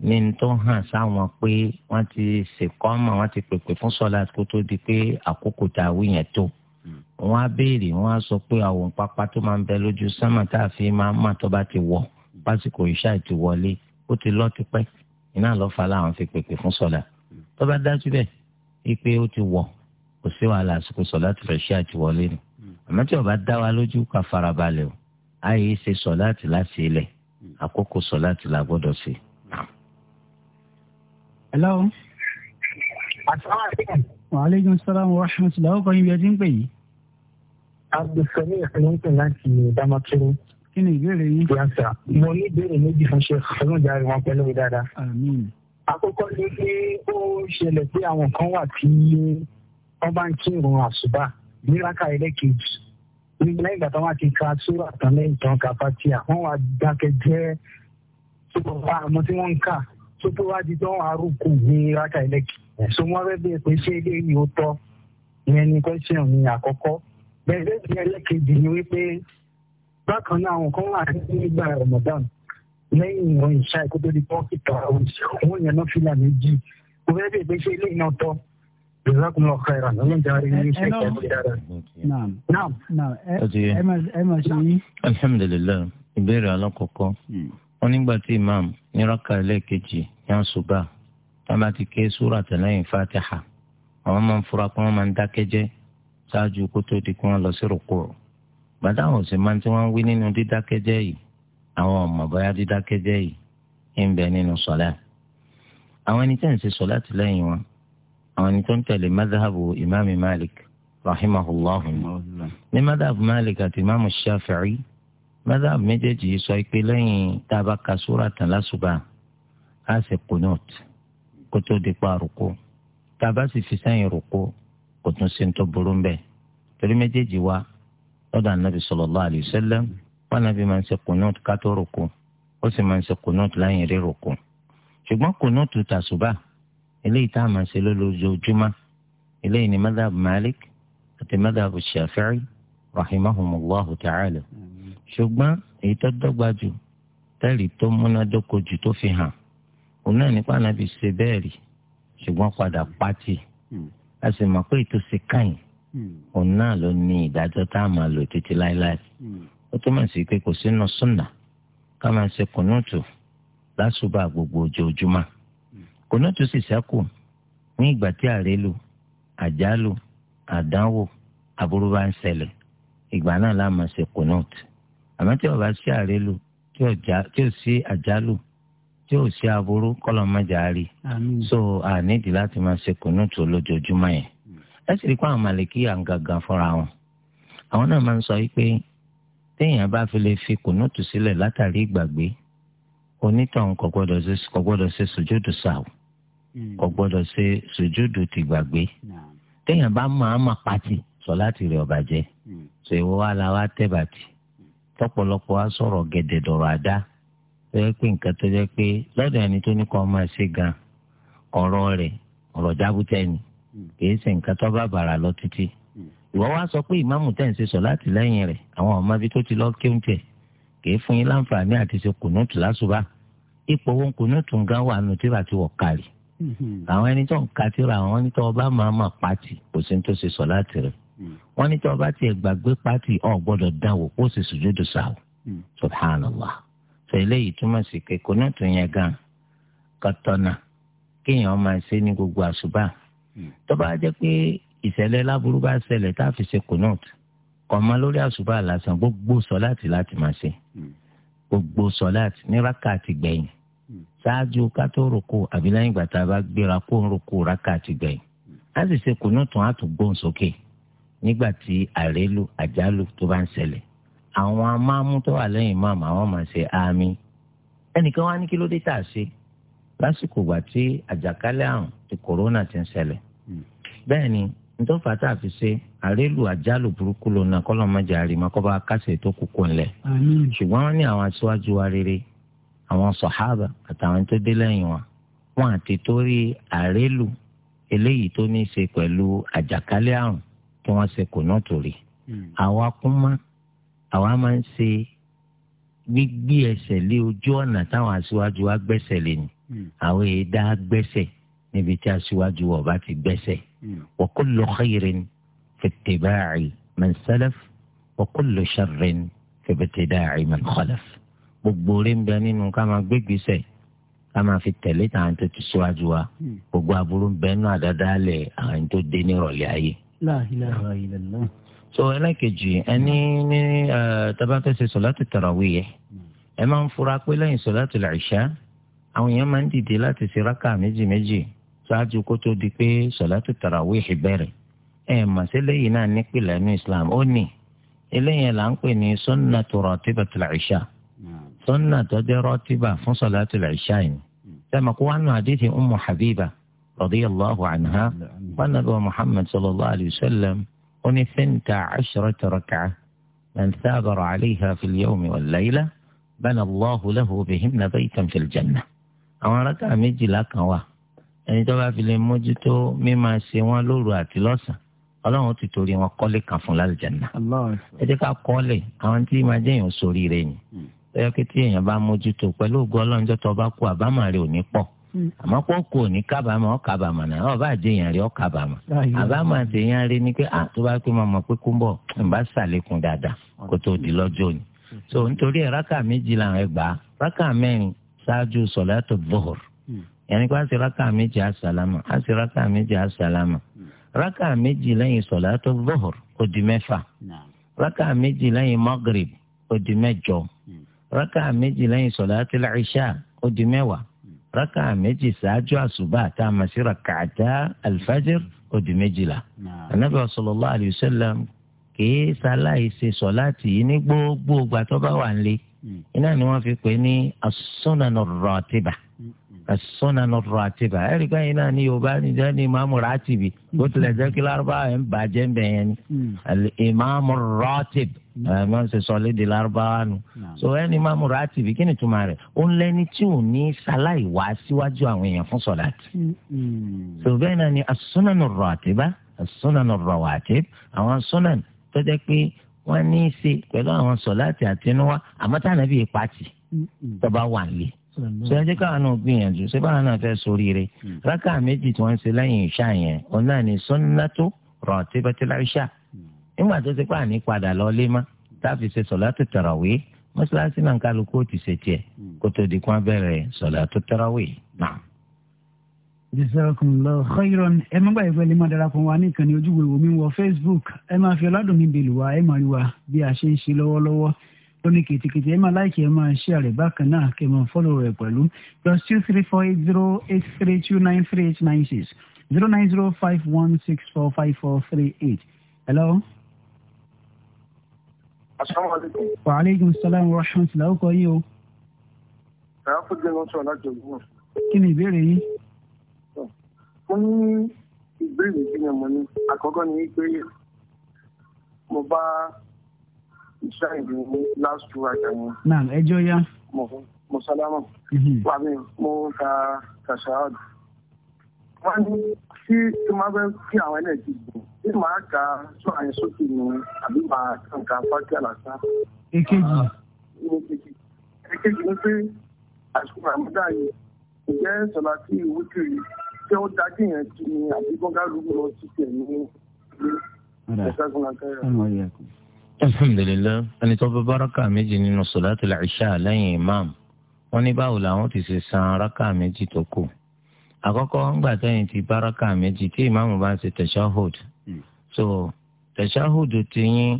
ní tó hàn sáwọn pé wọ́n ti ṣèkọ́mọ̀ wọ́n ti pèpè fún sọ́lá kó tó di pé àkókò tá a wí yẹn tó hmm. wọ́n á béèrè wọ́n á sọ pé àwọn pápá tó máa ń bẹ lójú sánmà tá a fi máa ń mà tó bá ti wọ̀ pásìkò ìṣá ti wọlé ó ti lọ tipẹ́ iná lọ fa láwọn fi pèpè fún sọ́lá hmm. tó bá dájú bẹ́ẹ̀ ipe ó ti wọ̀ kò sí wàhálà àsìkò sọ́lá tó fẹ́ ṣe àtiwọlé ni hmm. àmọ́ tí ó bá dá wa lójú àyè ṣe sọ̀láàtì láti ilẹ̀ hmm. àkókò sọ̀láàtì la gbọ́dọ̀ ṣe. hello. asalaamualeykum. waaleykum salaam wa rahmatulah ọkọ yín bí ẹ ti ń pè yìí. abdulsani ìpínlẹ̀ láti damaturu. kí ni ìbéèrè yín. yàtọ̀ mo ní ìbéèrè méjì fún ṣe ọlọ́jà rẹ̀ wọn pẹ̀lú mi dáadáa. àkọ́kọ́ ni pé ó ṣẹlẹ̀ pé àwọn kan wà tí wọ́n bá ń kírun àṣùbà ní rákà lẹ́yìn ìgbà táwọn ti ka sóra tán lẹ́yìn tán ka fatia wọ́n wá dákẹ́ jẹ́ sọ́kọ̀ọ́fà àmọ́ tí wọ́n ń kà sótó wá di tán àrùkù ní rákà ẹlẹ́kì so wọ́n fẹ́ bẹ́ẹ̀ pé ṣé ilé yìí ó tọ́ ìyẹn ni question ni àkọ́kọ́ bẹ́ẹ̀ bẹ́ẹ̀ ni ẹlẹ́kejì ni wípé bákan náà àwọn kan wà nígbà Ramadan lẹ́yìn ìrọ̀ ìṣá ìkótó di pọ́kìtà òun yẹn náà fìlà méjì òun fẹ́ bẹ́ẹ̀ pé ṣé ilé jazakumullahu khairan ọlọ́run jaari ní iṣẹ́ ìkẹ́kọ̀ọ́ dára. naam naam eh, ẹ eh, máa eh, ṣe yín. alhamdulilayi ìbéèrè alákọ̀ọ́kọ́ hmm. wọn nígbà tí imam ní raka ẹlẹ́ẹ̀kejì yàn ṣùgbà wọn bá ti ké súrà tẹ̀lẹ́yìn fatiha àwọn máa ń fura pé wọ́n máa ń dákẹ́jẹ́ ṣáájú kó tó di kí wọ́n lọ sí rúkú rọ̀ bàtà àwọn máa ń tí wọ́n wí nínú dídákẹ́jẹ́ yìí àwọn ọmọ bóyá dídákẹ́jẹ́ yìí ń bẹ nínú sọ̀lá àwọn ẹni tẹ́ ń ṣe sọ̀lá tẹ̀lẹ́yìn wọn àwọn ẹni tó ń tẹ̀lé madhabu imam malik rahimahullahu ní madhabu malik àti imam shafi'i madhabu méjèèjì sọ pé lẹ́yìn tá a bá ka súra tán lásùbà á sì kunut kó tó di pa rúkú tá a bá sì fi sẹ́yìn rúkú kò tún sí tó burú ń bẹ̀ torí méjèèjì wa lọ́dọ̀ anabi sallallahu alayhi wa sallam wọn nàbí máa ṣe kunut ká tó ó sì máa ṣe kunut láyìn rí rúkú ṣùgbọ́n kunut tàṣùbà eléyìí tá a máa ṣe lójoojúmọ́ eléyìí ni madhab malik àti madhab shafi'i rahimahumullahu ta'ala ṣùgbọ́n èyí tó dọ́gba jù tẹ́lì tó múnádóko jù tó fi hàn òun náà nípa nàbì ṣe bẹ́ẹ̀ rí ṣùgbọ́n padà pátì a sì mọ̀ pé ètò ṣe káyìn òun náà ló ní ìdájọ́ tá a máa lò títí láéláé ó túmọ̀ sí pé kò sínú súnà ká máa ṣe kùnúùtù lásùbà gbogbo ojoojúmọ́ kò náà tún sì sẹ́kù ní ìgbà tí àrélu àjálù àdánwò aburú bá ń ṣẹlẹ̀ ìgbà náà la máa ṣe kunut àmọ́ tí ó bá sí àrélu tí ò sí àjálù tí ò sí aburú kọ́lọ̀ mọ́jà rí so ànídìí láti máa ṣe kunut lójoojúmọ́ yẹn ẹ sì rí i pé àwọn màlìkíyà ń gangan fúnra wọn àwọn náà máa ń sọ wípé téèyàn bá fi lè fi kunut sílẹ̀ látàrí ìgbàgbé onítàn kò gbọ́dọ̀ ṣe kò gbọ́dọ̀ ṣe sùjúdù sàù hmm. kò gbọ́dọ̀ ṣe tìgbàgbé pati sọ láti rẹ ọba jẹ ṣe hmm. ìwọ la wa tẹ bàtì hmm. wa sọ̀rọ̀ gẹ̀dẹ̀ dọ̀rọ̀ àdá tó yẹ pé nǹkan tó yẹ pé lọ́dọ̀ ẹni tó ní kọ gan ọ̀rọ̀ rẹ̀ ọ̀rọ̀ jábútẹ ni ṣe nǹkan tó lọ títí wa sọ pé ìmáàmù tẹ̀ ń ṣe sọ láti lẹ́yìn àwọn kìí fún yín láǹfààní àti ṣe kùnúùtù lásùbà ipò wọn kùnúùtù gan wà nù tíra tí wọ́n kárì mm-hmm. àwọn ẹni tó ń ka tíra àwọn ẹni tó ọba máa ma pàtì kò sí ní tó ṣe sọ láti rẹ mm. wọn ní tó ọba tiẹ̀ gbàgbé pàtì ọ̀ gbọ́dọ̀ dáwọ́ ó sì sùjúdù sáwọ́ mm. subhanallah sọ eléyìí túmọ̀ sí pé kùnúùtù yẹn gan kọtọ́nà kéèyàn máa ṣe ní gbogbo àṣùbà mm. tó bá jẹ́ pé ìṣẹ̀lẹ̀ láburú bá ṣẹlẹ̀ tá a fi ṣe kùnúùtù kọ̀ọ̀mà lórí àṣùbà lásán gbogbo sọ́láàtì láti máa ṣe hmm. gbogbo sọ́láàtì ní rákàtì gbẹ̀yìn hmm. ṣáájú ká tó roko àbí lẹ́yìn ìgbà tá a bá gbéra kó ń roko rákàtì gbẹ̀yìn á hmm. sì ṣe kùnú tún á tún gbóhùn sókè nígbà tí àrélu àjálù tó bá ń ṣẹlẹ̀ àwọn amáàmú tó wà lẹ́yìn máàmù àwọn máa ṣe àmì ẹnìkan wá ní kí tà ṣe lásìkò ìgbà tí àjàkálẹ̀ àrùn ti kòrónà ti ń ṣẹlẹ̀ bẹ́ẹ̀ ni ntọ́fà tá a fi ṣe àrélu àjálù burúkú ló na kọ́lọ́ mọ́jà àrìmọ́ kọ́ bá a kásẹ̀ tó kúkú ńlẹ̀. ṣùgbọ́n wọ́n ní àwọn aṣáájú wa rere àwọn sọ̀hábà àtàwọn tó dé lẹ́yìn wa wọn àti torí àrélu eléyìí tó ní í ṣe pẹ̀lú àjàkálẹ̀ àrùn tí wọ́n ṣe kò náà torí. Hmm. àwa kún mọ́ àwa máa ń ṣe gbígbé ẹsẹ̀ lé ojú ọ̀nà táwọn aṣáájú wa gbẹ́sẹ̀ lé ni hmm. àwọn èèdá gbẹ́sẹ̀ níbi tí aṣáájú wa ti gbẹ́sẹ̀. وكل خير في اتباع من سلف وكل شر في ابتداع من خلف بقبولين بنين كما بيجيسة كما في التلت عن تتسوى جوا بقبولين بنو عددالي عن تديني رولي لا إله إلا الله so ẹlẹ́ke jì ẹni ní ẹ tabata ṣe sọlátì tarawih yẹ ẹ máa ń fura pé lẹ́yìn sọlátì làṣà àwọn èèyàn máa ń ṣáájú kó tó di pé sọ̀látù tarawih bẹ̀rẹ̀ ẹ̀ màsílẹ̀ yìí náà nípìnlẹ̀ ní islam ó nì eléyìí là ń pè ní sunnatu ratibatul isha sunna tó jẹ́ rọ́tíbà fún sọ̀látù isha yìí sẹ́mi kó wánú àdéhìí ummu habiba radiyallahu anha wánàbí wa muhammad sallallahu alayhi wa sallam ó ní fẹ́ǹtà ashrata rak'ah man thabara alayha fil yawmi wal layla bana allahu lahu bihinna baytan fil àwọn arákà méjìlá kan wà ẹni tó bá fi lè mójútó mímá ṣe wọn lóru àti lọ́sàn ọlọ́run ti torí wọn kọ́lé kan fún lálùjáná ẹ jẹ́ ká kọ́lé àwọn tí máa jẹ́ èèyàn sórí rẹ̀ yìí tọ́yọ́ pé tí èèyàn bá mójútó pẹ̀lú ògùn ọlọ́njọ́ tó bá kú àbámọ̀ rẹ̀ ò ní pọ̀ hmm. àmọ́ kó kò ní kábàámọ̀ ọ́ náà ọ̀ bá jẹ́ èèyàn rẹ̀ ọ́ kábàámọ̀ àti èèyàn rẹ̀ ni pé tó bá pé màmá pé kú ń bọ̀ ń bá sàlékún dáadáa kó tó di lọ́jọ́ ni. so nítorí ẹ̀ rákà méjì làwọn ẹgbàá rákà mẹ́rin ṣáájú sọ̀látò yẹnni pé àṣìrákà méjì àṣàlámà àṣìrákà méjì àṣàlámà rákà méjì lẹ́yìn sọ̀látò bọ́ọ̀r ó di mẹ́fà rákà méjì lẹ́yìn mọ́gírib ó di mẹ́jọ hmm. rákà méjì lẹ́yìn sọ̀látò ìṣà ó di mẹ́wàá hmm. rákà méjì ṣáájú àṣùbà tá a mọ̀ sí rakàtà alfajir ó di méjìlá anabi sallallahu alayhi wa sallam kìí ṣaláì ṣe sọ̀láàtì yìí ní gbogbo ìgbà bá wà ń lé hmm. iná ni wọ́n fi pè ní as-sunan as-sunan ar-ratiba ẹ̀rí kan yìí náà ní yorùbá níjẹ́ ní ìmáàmù ràtìbì bó tilẹ̀ jẹ́ kí lárúbáwá ẹ̀ ń bàjẹ́ ń bẹ̀ yẹn ni ìmáàmù ràtìb hmm. ẹ̀ máa ń ṣe sọ léde lárúbáwá nu so ẹ̀ ní ìmáàmù ràtìbì kí ni túmọ̀ rẹ̀ ó ń lẹ́ni tí ò ní sáláì wá síwájú àwọn èèyàn fún sọ̀láàtì hmm. so bẹ́ẹ̀ náà ni as-sunan ar-ratiba as-sunan ar-rawatib àwọn sunan tó ṣé ẹjẹ káwọn náà gbìyànjú ṣé báwọn náà fẹ́ soríire hmm. rákà méjì tí wọ́n ń ṣe lẹ́yìn ìṣá yẹn òun náà ní sunnatu ratibatil isha hmm. nígbà tó ti pa àní padà lọ lé má táàfin ṣe salatu tarawih mọ́ṣáláṣí náà kálukú ti ṣe tiẹ̀ hmm. kó tó di kán bẹ̀rẹ̀ salatu tarawih náà. jazakumullahu khairan ẹ má gbàgbé pẹ̀lú má darapọ̀ wa ní ìkànnì ojúwe wò wọ Facebook ẹ máa fi ọládùn mi bèlú wa ẹ máa rí wa bí a ṣe ń ó ní kìtìkìtì ẹ máa láìkì ẹ máa ṣe àrẹ bákan náà kí ẹ máa fọ́lọ̀ rẹ̀ pẹ̀lú plus two three four eight zero eight three two nine three eight nine six zero nine zero five one six four five four three eight. hello. asalaamualeykum. wa aleykum salaam wa rahmatulah ọkọ yìí o. ẹ̀rọ fún jẹ́ wọ́n sọ̀rọ̀ láti ọ̀gbọ́n. kí ni ìbéèrè yìí. mo ní ìbéèrè kí ni mo ní àkọ́kọ́ ni wípé mo bá ìṣáà ìlú last two àjà wọn. náà ẹjọ́ yá. mo sálámà. Mhm. wà mí mo ka kàṣáàd. wọ́n ní tí tí máa fẹ́ kí àwọn ẹlẹ́ẹ̀kì gbò tí màá ka sọ àyè sókè ni àbí màá kàn ká fákì àlàsá. èkejì. èkejì ni pé àsìkò àmúdá yìí ǹjẹ́ sọ̀lá tí ìwé kiri tí ó dájú yẹn ti ni àbí gbọ́ngàn lùgbọ́n ti tẹ̀ ní ilé. ẹ̀ka gbọ́ngàn kẹrẹ alhamdulilayi ẹni tó bá báraka méjì nínú sọláàtì làṣà lẹ́yìn imam wọn ní báwo làwọn ti ṣe san raka méjì tó kù àkọ́kọ́ ńgbà tẹ́yìn ti báraka méjì tí imam bá ń ṣe tẹ̀síáhùd hmm. so tẹ̀síáhùd ti yín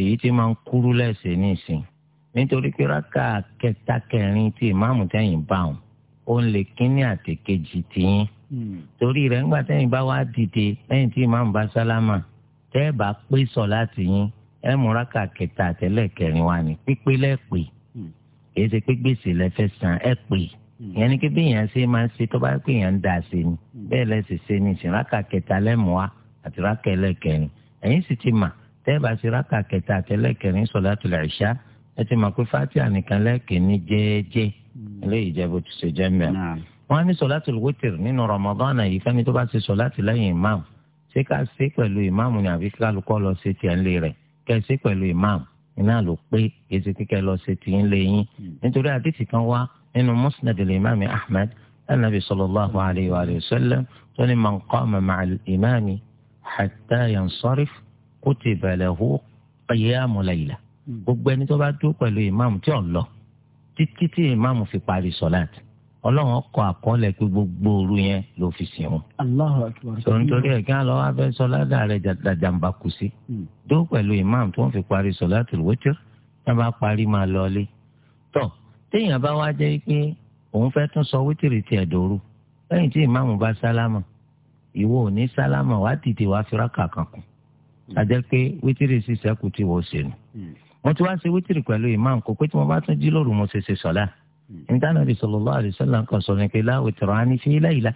èyí tí máa ń kúrú lẹ́sẹ̀ nísìn nítorí pé raka kẹta kẹrin tí imam tẹ́yìn bá wọn ó ń lè kínní àti kejì tìyín hmm. torí rẹ̀ ńgbà tẹ́yìn bá wá dìde lẹ́yìn tí imam bá sálámà tẹ́ẹ̀ bá pé sọ láti yín ẹ múra ká kẹta àtẹlẹ kẹrin wa ni pípé lẹ́pẹ́ hmm. kì í ṣe pé gbèsè lẹ́fẹ́ san ẹ pè hmm. ìyẹn ni kébé èèyàn ṣe máa ń ṣe tó bá pé èèyàn ń dà ṣe ni hmm. bẹ́ẹ̀ lẹ́sẹ̀ ṣe ni ìṣìnráka kẹta lẹ́mùá àti ráka ẹlẹ́kẹrin ẹ̀yìn sì ti mà tẹ́ẹ̀bà ṣe ráka kẹta àti ẹlẹ́kẹrin sọ̀látul ìṣá ẹ ti mọ̀ pé fatiha nìkan lẹ́ẹ̀kẹ́ ní jẹ́ẹ́jẹ́ eléyìí jẹ́ bó ti ṣe jẹ́ mẹ́rin wọ́n á ní sọ̀látul wítìrì nínú Ramadan yìí fẹ́ni kẹsí pẹ̀lú imam iná ló pé èsì kíkẹ́ lọ ṣe tì í lẹ́yìn nítorí àdìsí kan wá nínú musnad al-imam ahmed anabi sallallahu alayhi wa sallam tó ní man qama ma'a al-imam hatta yansarif kutiba lahu qiyamu layla hmm. gbogbo ẹni tó bá dúró pẹ̀lú imam tí ò lọ títí tí imam fi parí sọ̀láàtì ọlọ́run kọ àkọọ́lẹ̀ pé gbogbo òru yẹn ló fi sìn wọn. sọ nítorí ẹ̀ kí wọ́n lọ wá fẹ́ sọ ládàá rẹ̀ dàjàmbá kù sí. Hmm. dó pẹ̀lú imam tí wọ́n fi parí solatul witr náà bá parí máa lọlé. tọ́ téèyàn bá wá jẹ́ pé òun fẹ́ tún sọ wítìrì tiẹ̀ dòru lẹ́yìn tí imam bá sálámà ìwọ ò ní sálámà wá tètè wá fi rákà kan kù. àjẹ́ hmm. pé wítìrì sísẹ́kù ti wọ́ sẹ́nu. Hmm. mo ti wá ṣe wítìrì pẹ̀lú imam kò pé tí mo bá tún jí lóru mo ṣe ṣe sọ̀lá Hmm. nítorí bí sallallahu alaihi wasallam kan sọ ní pé la witrani fi layla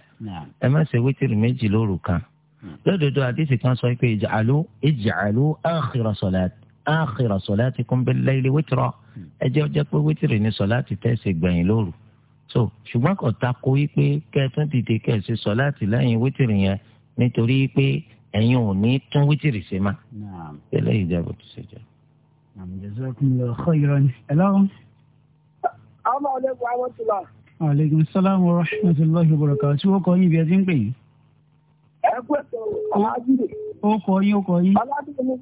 ẹ má ṣe wítìrì méjì lóru kan hmm. lódodo àdìsí kan sọ pé ij'alu ij'alu akhira salat akhira salatikum bil layli witra hmm. ẹ jẹ́ ọjọ́ pé wítìrì ní sọ̀láàtì tẹ̀sí gbẹ̀yìn lóru so ṣùgbọ́n kò takò wípé kẹ́ẹ̀tún dìde kẹ́ẹ̀sì sọ̀láàtì lẹ́yìn wítìrì yẹn nítorí pé ẹ̀yin ò ní tún wítìrì ṣe má. eléyìí jẹ́ ti ṣe jẹ́. àmì àwọn ole àwọn ti là. aleykum salaam wa rahmatulahi wa barakatuh tí wọ́n kọ́ yín ti ń pè yín. ẹ pẹ́ sọ alájúde. ó kọ yín ó kọ yín. alájúde mi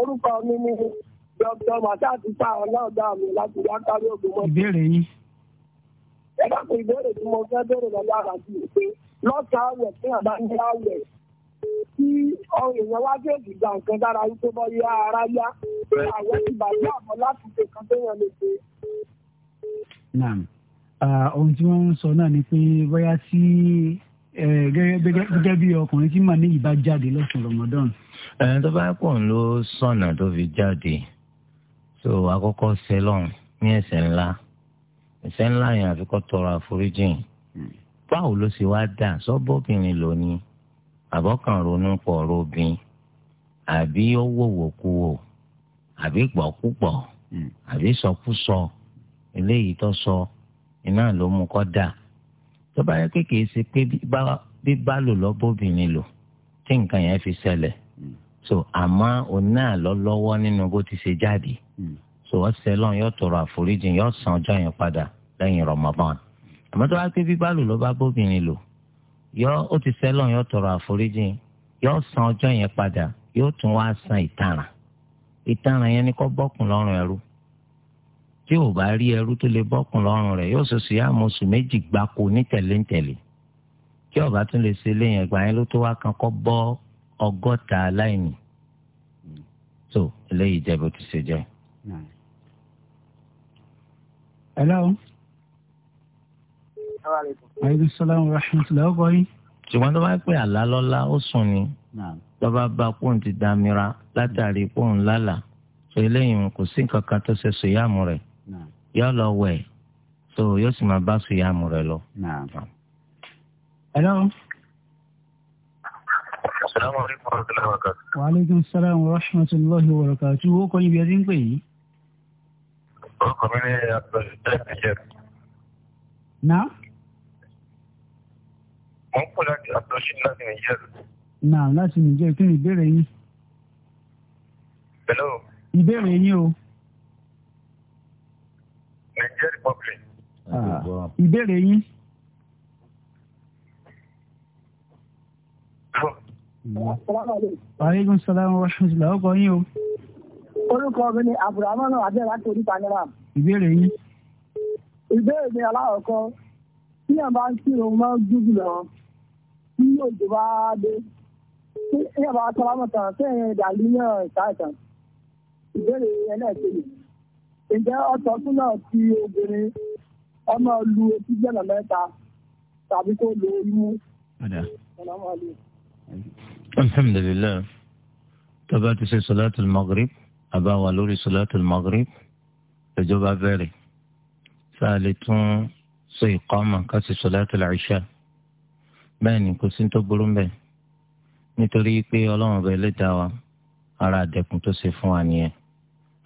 orúkọ mi ni dr matati pa ọlọ́ọ̀dá mi láti wákàrí ògbómọ̀. ìbéèrè yín. ẹ dákun ìbéèrè tí mo fẹ́ béèrè lọ́wọ́ àràjù pé lọ́sàá fún èèyàn wá naam ohun tí wọ́n ń sọ náà ni pé bóyá tí gẹ́gẹ́ bí ọkùnrin tí màá ní ìbá jáde lọ́sùn Ramadan. ẹni tó bá pọ̀ ń lo sọ̀nà tó fi jáde tó àkọ́kọ́ sẹlọ̀n ní ẹ̀ṣẹ̀ ńlá ẹ̀ṣẹ̀ ńlá yẹn àfikọ́ tọrọ àforíjì báwo ló ṣe wá dà sọ́bọ̀bìnrin lónìí àbọ̀kàn ronú pọ̀ robin àbí ó wòwò kú wò àbí gbọ̀kúgbọ̀ hmm. àbí sọkúsọ. So eléyìí tó sọ iná ló mú kọ́ dà tó bá yẹ kéèké ṣe pé bíbá lò lọ́bọ̀bìnrin lò tí nǹkan yẹn fi ṣẹlẹ̀ hmm. so àmọ́ òun náà lọ lọ́wọ́ nínú bó ti ṣe jáde hmm. so wọ́n ṣe lọ́n yóò tọrọ àforíjì yóò san ọjọ́ yẹn padà lẹ́yìn Ramadan àmọ́ tó bá pé bíbá lò lọ́ba bóbìnrin lò yóò ó ti ṣe lọ́n yóò tọrọ àforíjì yóò san ọjọ́ yẹn padà yóò tún wá san ìtaràn ìtaràn yẹn ni kò bọ́kùn lọ́rùn ẹrú tí ò bá rí ẹrú tó lè bọ́kùn lọ́rùn rẹ̀ yóò sọ sí àmọ́sù méjì gbáko ní tẹ̀léńtẹ̀lé tí ọba tún lè ṣe léyìn ẹgbà yẹn ló tó wá kan kọ́ bọ́ ọgọ́ta aláìní tó eléyìí jẹ́ bó ti ṣe jẹ́. hello. aleykum salaam wa rahmatulah ọkọ yìí. ṣùgbọ́n tó bá pè àlá lọ́la ó sùn ni lọ́ba bá pọ́ùn ti dàmíra látàrí pọ́ùn lálàá ṣe kò sí nǹkan kan tó ṣe sòyàmù rẹ̀ yọ lọ wẹ̀ so yóò sì máa bá sùn yàmù rẹ̀ lọ. hello. salaamaleykum wa rahmatulahi wa barakatuh. wa aleykum salaam wa rahmatulahi wa barakatuh. wo kọ́ ibi ẹtí ń pè yìí. orúkọ mi ni abdulrasheed niger. na. mo ń pè láti abdulrasheed láti niger. na láti niger kí ni ìbéèrè yín. hello. ìbéèrè yín o. Ah, Nigeria Republic. ìbéèrè yín. aleykum salaam wa rahmatulah ọkọ yín o. orúkọ mi ni abdulhamid abdul láti oríta náírà. ìbéèrè yín. ìbéèrè mi aláwọ̀kọ́ tí yàrá ń kírun máa ń dúdú lọ tí yóò jù bá dé tí yàrá sábà mọ̀ tán sẹ́yìn ìdàlú náà ṣáìsàn ìbéèrè yẹn náà ṣe yìí ǹjẹ́ ọ̀tọ̀ tún náà fi obìnrin ọmọ lu etí jẹ̀nà mẹ́ta tàbí kó lo imú. alhamdulilayi tọ́ba ti ṣe sọ́láàtì magrib àbá wa lórí sọ́láàtì magrib ìjọba bẹ̀rẹ̀ sáà tún ṣe ìkọ́mọ̀ ká ṣe sọ́láàtì làṣà bẹ́ẹ̀ ni kò sí tó burú bẹ́ẹ̀ nítorí pé ọlọ́run ọba ẹlẹ́dàá wa ara àdẹ̀kùn tó ṣe fún wa nìyẹn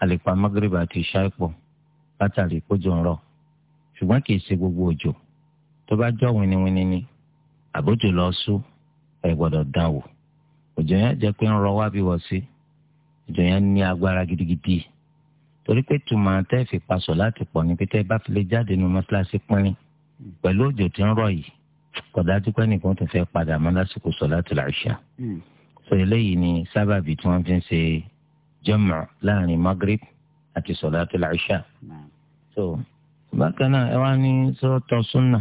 àlèpà magreb àti ṣáìpọ̀ látàrí ìkójọ ń rọ̀ ṣùgbọ́n kì í ṣe gbogbo òjò tó bá jọ winiwini ni àbójò lọ sú ẹ gbọ́dọ̀ dán wò òjò yẹn jẹ́ pé ń rọ̀ wá bí wọ sí òjò yẹn ní agbára gidigidi torí pé tùmọ̀ tẹ́ fi paṣọ láti pọ̀ ní pété bá fi lè jáde nínú mọ́ṣáláṣí pínrín pẹ̀lú òjò tí ń rọ̀ yìí kọ̀dájú pé nìkan tó fẹ́ padà mọ́ lásìkò sọ láti làṣà. Hmm. sọ eléyìí ni sábàbí tí wọ́n fi ń ṣe jẹ́mọ̀ láàrin magrib àti sọ̀látul ìṣà. so bákan náà ẹ wá ní sọ́tọ̀ súnà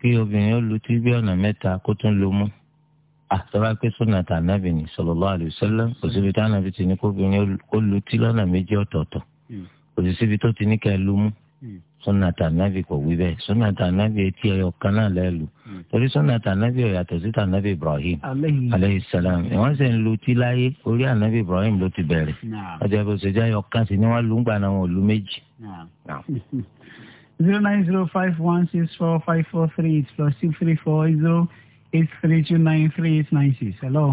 kí obìnrin ó lu tíbí ọ̀nà mẹ́ta kó tún lo mú. àtọ́wá ah, pé súnà tà nábì ní sallallahu alaihi wasallam kò síbi tá nábì ti ní kó obìnrin ó lu tí lọ́nà méjì ọ̀tọ̀ọ̀tọ̀ hmm. kò tó ti ní kẹ́ lu mú. Hmm sunna tànàbì kò wí bẹ́ẹ̀ sunna tànàbì etí ẹyọ kan náà lẹ́lu hmm. torí sunna tànàbì ó yàtọ̀ sí ibrahim aleyhi salam wọ́n sì ń lu tí láyé orí ànàbì ibrahim ló ti bẹ̀rẹ̀ ọjọ́ ìbò ṣèjọ́ ẹyọ kan sí ni wọ́n lù ń gbà náà wọn lu méjì. zero nine zero five one six four five four three eight plus two three four zero eight three two nine three eight nine six hello.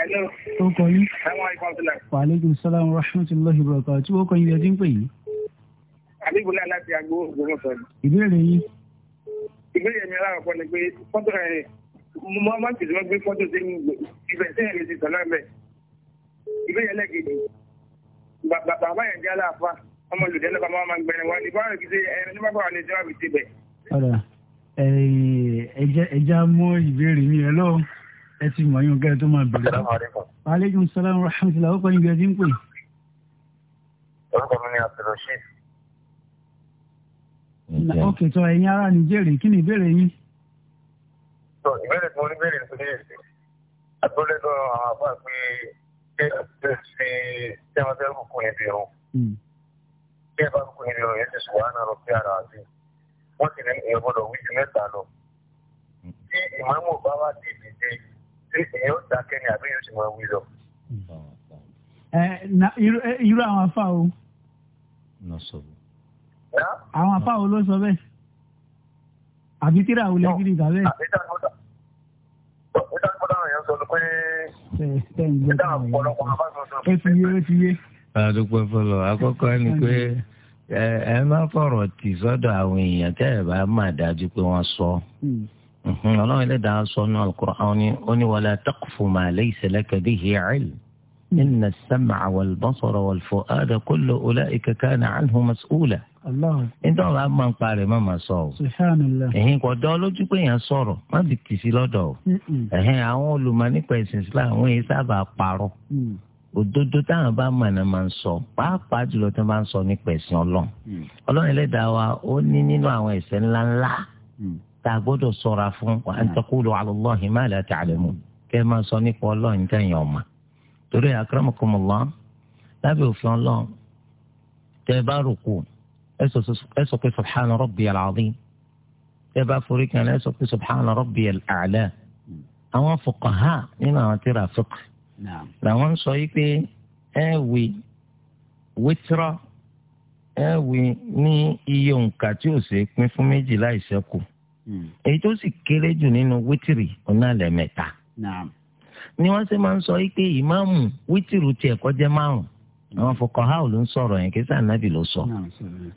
hello. ó kọ yín. wàhálà aleykum salaam wa rahmatulahi wa barakatuh ó kọ yín ẹ àlébùlá láti agbó ògbómọ̀ sọ ni. ìbéèrè yìí. ìbéèrè mi aláwọ̀ kọ́ ni pé fọ́tò ẹ̀ mo máa ń tètè wọ́n gbé fọ́tò sí ibẹ̀ sẹ́yìn lè ti sọ̀rọ̀ mẹ́. ìbéèrè lẹ́gẹ̀dẹ̀ bàbá yẹn jẹ́ aláàfà ọmọ olùdẹ́ lọ́ba máa máa ń gbẹ̀rẹ̀ wá ní báwọn kì í ṣe ẹni bá wà ní ìṣẹ́ wà fi ṣe bẹ̀. ọ̀rọ̀ ẹja mú ìbéèrè mi ẹ lọ ẹ ti mọ̀ yín kẹ́rẹ́ tó máa bẹ̀rẹ̀. aleykum salaam wa rahmatulah ó kọ́ ni bí ẹ ti ń pè. orúkọ mi ni abdulrasheed ok tó ẹ̀yin ará Nigeria kí ni ìbéèrè yín. sọ ìbéèrè tí mo ní béèrè fún yìí àtúndẹ́gbọ̀n àwọn àbá pé kí ẹ ṣe ṣé wọn fẹ́ kókó yẹn bí irun hmm. kí ẹ bá kókó yẹn bí irun yẹn ti sùn wàhánà lọ sí ara àti wọn sì ní ìyẹn gbọ́dọ̀ wíjú mẹ́ta lọ. tí ìmọ̀ọ́mù bá wá sí ìdíje tí èyí ó dákẹ́ ni àbí yóò ti máa wí lọ. Hmm. Eh, eh, irú àwọn afa o. àwọn afáwo ló sọ bẹ́ẹ̀ àbí tíra àwọn olùkiri ìgbà bẹ́ẹ̀. àbí táwọn kọ́dà àwọn èèyàn sọ ó ti ó ti yé. àdúgbò fọlọ àkọ́kọ́ ni pé ẹ má fọ̀rọ̀ tì sọ́dọ̀ àwọn èèyàn tẹ́ ẹ bá má dájú pé wọ́n sọ. ọlọ́run ilé dáhùn sọ ní Al-Qur'an ó ní wala taqfu ma laysa laka bihi ilm. inna as-sam'a wal-basara wal-fu'ada kullu ula'ika kana anhu mas'ula. nítorí wọn máa ń parẹ má máa sọ o ẹ̀yin kò dán lójú pé èèyàn sọ̀rọ̀ má fi kìsì lọ́dọ̀ o ẹ̀yin àwọn olùmọ̀ nípa ẹ̀sìn Islam àwọn èèyàn sábà parọ́ mm. òdodo táwọn bá mọ̀ náà máa ń sọ pàápàá jùlọ tí wọ́n bá ń sọ nípa ẹ̀sìn ọlọ́run mm. ọlọ́run ẹlẹ́dàá wa ó ní nínú àwọn ẹ̀ṣẹ̀ ńláńlá mm. tá a gbọ́dọ̀ sọ̀ra fún wa an taqulu ala Allahi ma la ta'lamun kẹ́ ẹ máa sọ nípa ọlọ́run tẹ̀yìn ọ̀ma torí akramakumullah lábẹ́ òfin ọlọ́run tẹ́ ẹ bá rò kù ẹ sọ pé subhana rabbiyal azim ẹ bá forí kan ẹ sọ pé subhana rabbiyal a'la àwọn fuqaha nínú àwọn tírà fiqh làwọn ń sọ yìí pé ẹ wí wítrọ ẹ wí ní iye òǹkà tí ò ṣe é pín fún méjì láì ṣẹ́kù hmm. èyí tó sì kéré jù nínú wítìrì ọ̀nà lẹ́mẹ̀ta ni wọ́n ṣe máa ń sọ yìí pé ìmáàmù wítìrù tiẹ̀ kọjá márùn àwọn fọkànhá ò ló ń sọ̀rọ̀ yẹn kí sànàbì ló sọ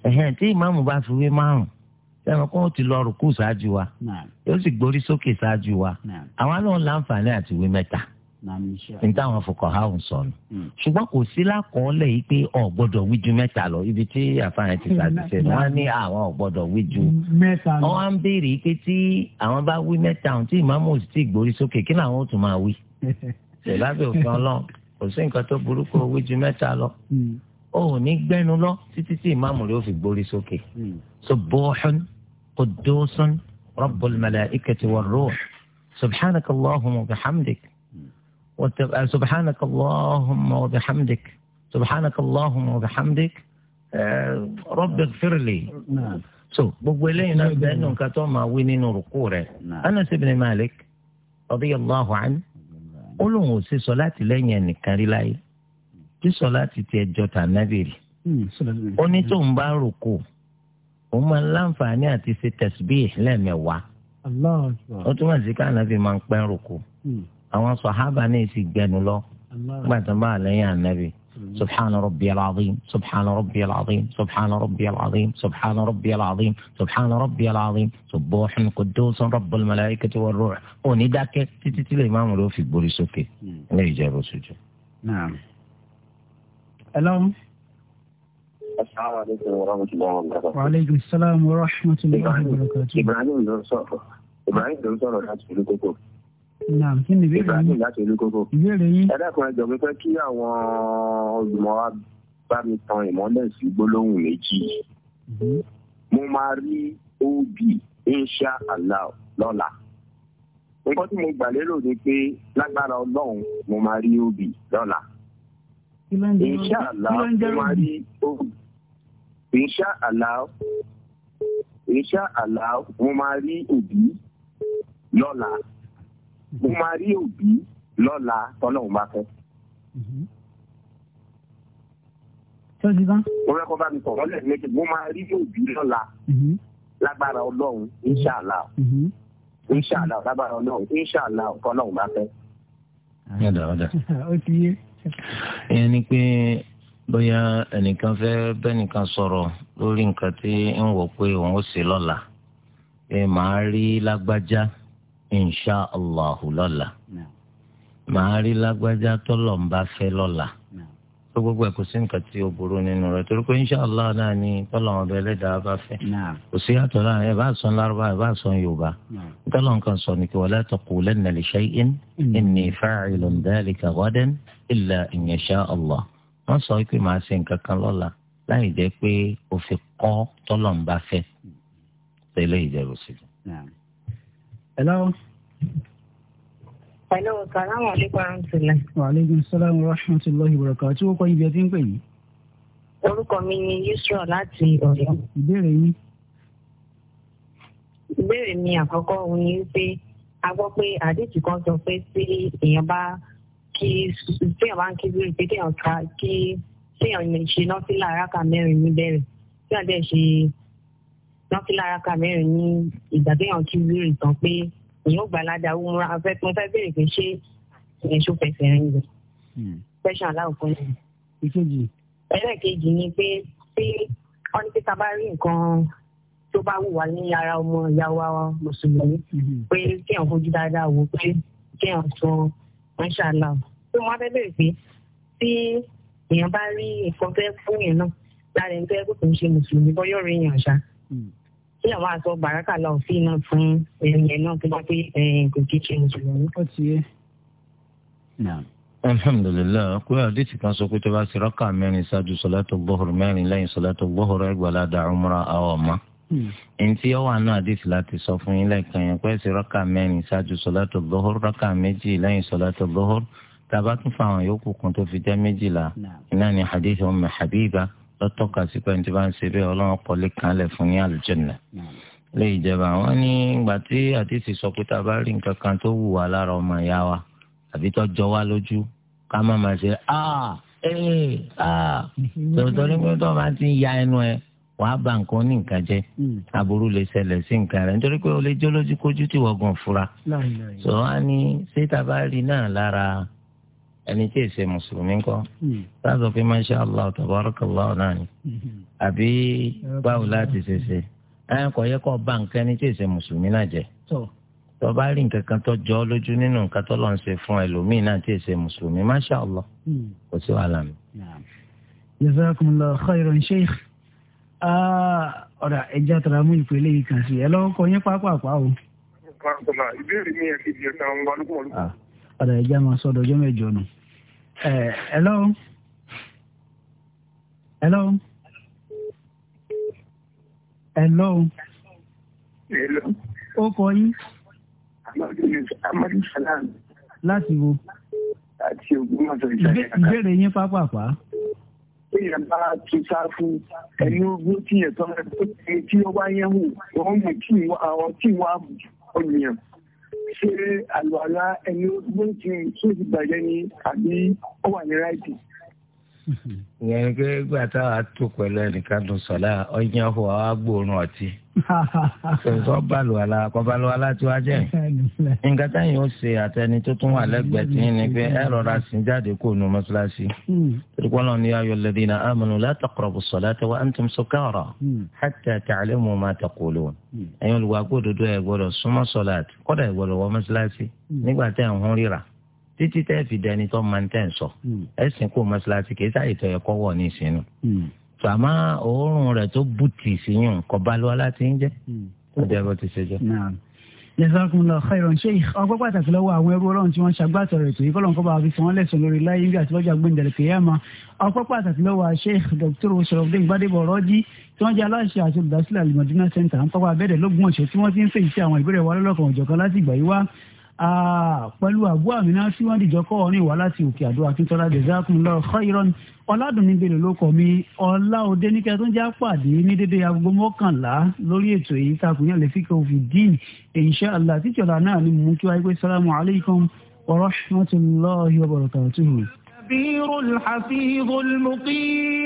ẹ̀hẹ́n tí ìmáàmù bá fi wé márùn sẹ́wọ̀n kó ti lọ rùkú ṣáájú wa yóò sì gborí sókè ṣáájú wa àwọn náà láǹfààní àti wé mẹ́ta ní táwọn fọkànhá ò ń sọ nù hmm. ṣùgbọ́n kò sí lákọọ́lẹ̀ yìí pé ọ̀ gbọ́dọ̀ wí ju mẹ́ta lọ ibi tí àfààní ti ṣàtìṣe wọ́n ní àwọn ọ̀ gbọ́dọ̀ wí ju mẹ́ta lọ wọ́n á ń béèrè pé tí àwọn bá wí mẹ́ta tí ìmáàmù ò sì tí ì gborí sókè kí kò sí nǹkan tó burúkú owó ju mẹ́ta lọ ó ò ní gbẹ́nu lọ títí tí ìmáàmù rẹ̀ ó fi gbórí sókè subuhun qudusun rabbul malaikati war ruh subhanaka allahumma wa bihamdik subhanaka allahumma wa bihamdik subhanaka allahumma wa bihamdik rabbighfir fírìlì. so gbogbo eléyìí náà bẹ́ẹ̀ nù nǹkan tó máa wí nínú rúkú rẹ̀ Anas ibn Malik allahu anhu. ó lóun ò ṣe sọ láti lẹ́yìn ẹnìkan rí láyé tí sọ láti tiẹ̀ jọ tànàbì rí hmm, ó ní tóun bá rò kó òun máa ń láǹfààní àti ṣe tẹ̀síbíì lẹ́ẹ̀mẹ̀wàá ó túmọ̀ sí káànábì máa ń pẹ́ rò kó hmm. àwọn sọ̀hábà náà sì gbẹnu lọ gbàtàn bá lẹ́yìn ànábì. سبحان ربي العظيم سبحان ربي العظيم سبحان ربي العظيم سبحان ربي العظيم سبحان ربي العظيم سبوح قدوس رب الملائكة والروح ونداك تتتل إمام لو في بوري سوكي لا يجاب سجا نعم السلام عليكم ورحمة الله وبركاته وعليكم السلام ورحمة الله وبركاته إبراهيم دون صوته إبراهيم دون صوته naam kí ni ìbéèrè yín láti ìlú kókó. ìbéèrè yín. ẹ dákun ẹjọ mi fẹ́ kí àwọn olùmọ̀ wa bá mi tan ìmọ́lẹ̀ sí gbólóhùn méjì. Mhm. mo máa rí ob insha allah lọ́la. nǹkan tí mo gbà lérò ni pé lágbára ọlọ́run mo máa rí ob lọ́la. insha allah mo máa rí ob insha allah insha allah mo máa rí òbí lọ́la mo máa rí òbí lọ́la tọ́lọ́hún bá fẹ́. mo rẹ́ kó bá mi sọ̀rọ̀ lẹ́yìn méjì mo máa rí òbí lọ́la lágbára ọlọ́run inṣàlá inṣàlá lágbára ọlọ́run inṣàlá tọ́lọ́hún bá fẹ́. yàda yàda ìyẹn ni pé bóyá ẹnìkan fẹ́ bẹ́nìkan sọ̀rọ̀ lórí nǹkan tí ń wọ̀ pé òun ó ṣe lọ́la pé màá rí lágbájá insha allahu lọ́la màá rí lágbájá tọ́lọ̀ ń bá fẹ́ lọ́la tó gbogbo ẹ̀ kò sí nǹkan tí ó burú nínú rẹ̀ torí pé insha allah náà ni tọ́lọ̀ wọn bẹ lẹ́dàá bá fẹ́ kò sí àtọ̀ náà ẹ bá sọ lárúbá ẹ bá sọ yorùbá tọ́lọ̀ nǹkan sọ ni kí wala taqulanna li shay'in inni fa'ilun dhalika ghadan illa in yasha allah wọ́n sọ pé màá ṣe nǹkan kan lọ́la láì jẹ́ pé òfin kọ́ tọ́lọ̀ ń bá fẹ́ tẹ́lẹ̀ ìjẹ́rù sí Hello. Hello, salamu alaikum warahmatullahi. Wa alaikum salamu warahmatullahi wabarakatuh. Tí ó kọ́ ibi ẹ ti ń pè yìí. Orúkọ mi ni Yusra láti Ọ̀yọ́. Ìbéèrè yín. Ìbéèrè mi àkọ́kọ́ òun ni wípé a gbọ́ pé àdéhùn kan sọ pé tí èèyàn bá kí téèyàn bá ń kí bíi pé kéèyàn ká kí téèyàn ṣe nọ́fìlà aráka mẹ́rin níbẹ̀rẹ̀ téèyàn dẹ̀ ṣe wọ́n fi lára ka mẹ́rin ní ìgbà téèyàn kí wíìrì tán pé èèyàn ò gbà ládàá ó múra afẹ́ tó fẹ́ béèrè pé ṣé èso fẹsẹ̀ rìn lọ. fẹsẹ̀ hmm. aláwọ̀ fún mi. ìkejì. ẹlẹ́ẹ̀kejì ni pé pé wọ́n ní pé tá a bá rí nǹkan tó bá wù wá ní ara ọmọ ìyá wa mùsùlùmí hmm. pé kéèyàn fojú dáadáa wò pé kéèyàn sọ fẹsẹ̀ aláwọ̀. tó wọ́n fẹ́ béèrè pé tí èèyàn bá rí nǹkan fẹ́ fún yẹn náà lára ẹni tó yẹ kó kò ń ṣe mùsùlùmí bọ́yọ̀ rí èèyàn ṣáá kí àwọn aṣọ bàrákà lọ sí iná fún ẹyẹ náà tó bá pé kò kí ṣe mùsùlùmí. ó ti yé. alhamdulilayi pé àdìsí kan sọ pé tó bá ti rákà mẹ́rin ṣáájú sọlátò gbọhùrù mẹ́rin lẹ́yìn sọlátò gbọhùrù ẹgbàládà ọmọra àwọn ọmọ ntí ọwọ àná àdìsí láti sọ fún yín lẹ́ẹ̀kan yẹn pé sí rákà mẹ́rin ṣáájú sọlátò gbọhùrù rákà méjì lẹ́yìn sọlátò gbọhùrù tàbá tún fáwọn yòókù kan tó fi jẹ́ méjìlá iná ni hadith Umm Habiba lọ́tọ́ka sí pé ní ti bá ń ṣe bẹ́ẹ̀ ọlọ́run kọ́lé kanlẹ̀ fún ní àlùjẹ̀nà hmm. lè ìjẹba wọn ní ìgbà tí àdìsí sọ pé tá a bá rí nǹkan kan tó wù wá lára ọmọ ìyá wa àbí tó wá lójú ká má máa ṣe a ee a tòótọ́ ní pé tó máa ti ya ẹnu ẹ wàá bà nǹkan ní nǹkan jẹ hmm. aburú lè ṣẹlẹ̀ sí nǹkan rẹ nítorí pé o lè jọ lójú kójú tí wọ́n fura sọ wá ní ṣé tá a bá rí náà lára ẹni tí èsè mùsùlùmí ńkọ́ sáàsọ hmm. pé masha allah tabarakallah náà ni hmm. àbí báwo láti ṣe ṣe ẹ kò yẹ kó bá nǹkan ẹni tí èsè mùsùlùmí náà jẹ tó bá rí nǹkan kan tó jọ lójú nínú nǹkan tó lọ ń ṣe fún ẹlòmíín náà tí èsè mùsùlùmí masha allah hmm. kò sí wàhálà mi. jazakumullahu khairan sheikh ah, ọ̀rọ̀ ẹja tara mú ìpele yìí kàn sí ẹ lọ́wọ́ kọ yín pápápá o. Ah, ọ̀rọ̀ ẹja máa sọ̀dọ̀ ọjọ́ mẹ́jọ nù ẹ eh, hello hello hello. hello. ó kọ yín. amadu salam. láti wo. láti ogun mọ́tò ìṣẹ̀lẹ̀ kàkà. ìbéèrè yín pápápá. ó yẹ bá a tún sáfù ẹni ogún tí yẹ sọ́mọ́ tí ó wáyé hù òun mú tí wọ́n á ọ̀yàn ṣe àlùwàlá ẹni ó gbé ti tó ti bàjẹ́ ni àbí ó wà ní ráìtì ìyẹn ni pé gbà táwa tó pẹ̀lú ẹnìkan dùn sọ̀lá ọyàn hù àwọn agbóòrùn ọtí sọ̀rọ̀ balùwàlà kọ́balùwàlà tí wàá jẹ́ nǹkan táyìn ó ṣe àtẹni tó tún wà lẹ́gbẹ̀ẹ́ tí ní pé ẹ rọra sìn jáde kó nu mọ́ṣáláṣí hmm. torípọ́n náà ní ayọ̀ alladhina amanu la taqrabu ssalata wa antum sukara hmm. hatta ta'lamu ma taqulun hmm. ẹ̀yin olùwàgbọ́dọ̀dọ̀ ẹ̀ gbọ́dọ̀ súnmọ́ sọ̀lá kọ́dà ẹ̀ gbọ́dọ̀ wọ mọ́ṣáláṣí nígbà tẹ̀ ń hún ríra títí tẹ́ fi dẹni tó máa ń tẹ̀ ń sọ hmm. ẹ̀sìn kò mọ́ṣáláṣí kì í sáyè tó yẹ kọ́ wọ̀ ní ìsinú. sàmá hmm. òórùn rẹ̀ tó bùtì síyùn kọ́ bá lọ́wọ́ láti ń jẹ́ ọjọ́ hmm. bó ti ṣe jẹ́. jazakumullahu khairan sheikh ọgbẹ́ pàtàkì lọ́wọ́ àwọn ẹrú ọlọ́run tí wọ́n ṣàgbàtọ̀rọ̀ ètò yìí kọ́lọ́n kọ́ bá fi sàn lórí láyé bí àtìlọ́jà sheikh dr sọ̀rọ̀dé gbadebo ọ̀rọ̀jì tí wọ́n jẹ́ aláṣẹ àti olùdásílẹ̀ alimọ̀dínà center ń pápá abẹ́rẹ́ lọ́gbọ̀nsẹ̀ tí wọ́n ti ń fèyí sí àwọn ìbéèrè wa lọ́lọ́kan òjọ̀kan láti ìgbà yìí wá pẹ̀lú àbú àmìnà síwájú ìjọkọ́ ọ̀rìn wá láti òkè àdó akíntola jazakumullahu khairan ọ̀làdùnní bèlè ló kọ́ mi ọ̀la òde níkẹ́ tó ń já pàdé ní dédé aago mọ́kànlá lórí ètò èyí takunyàn lè fi kẹ́ òfin dín insha Allah náà ni mú kí wáyé pé sálámù aleykum wa rahmatullahi wa barakatuhu.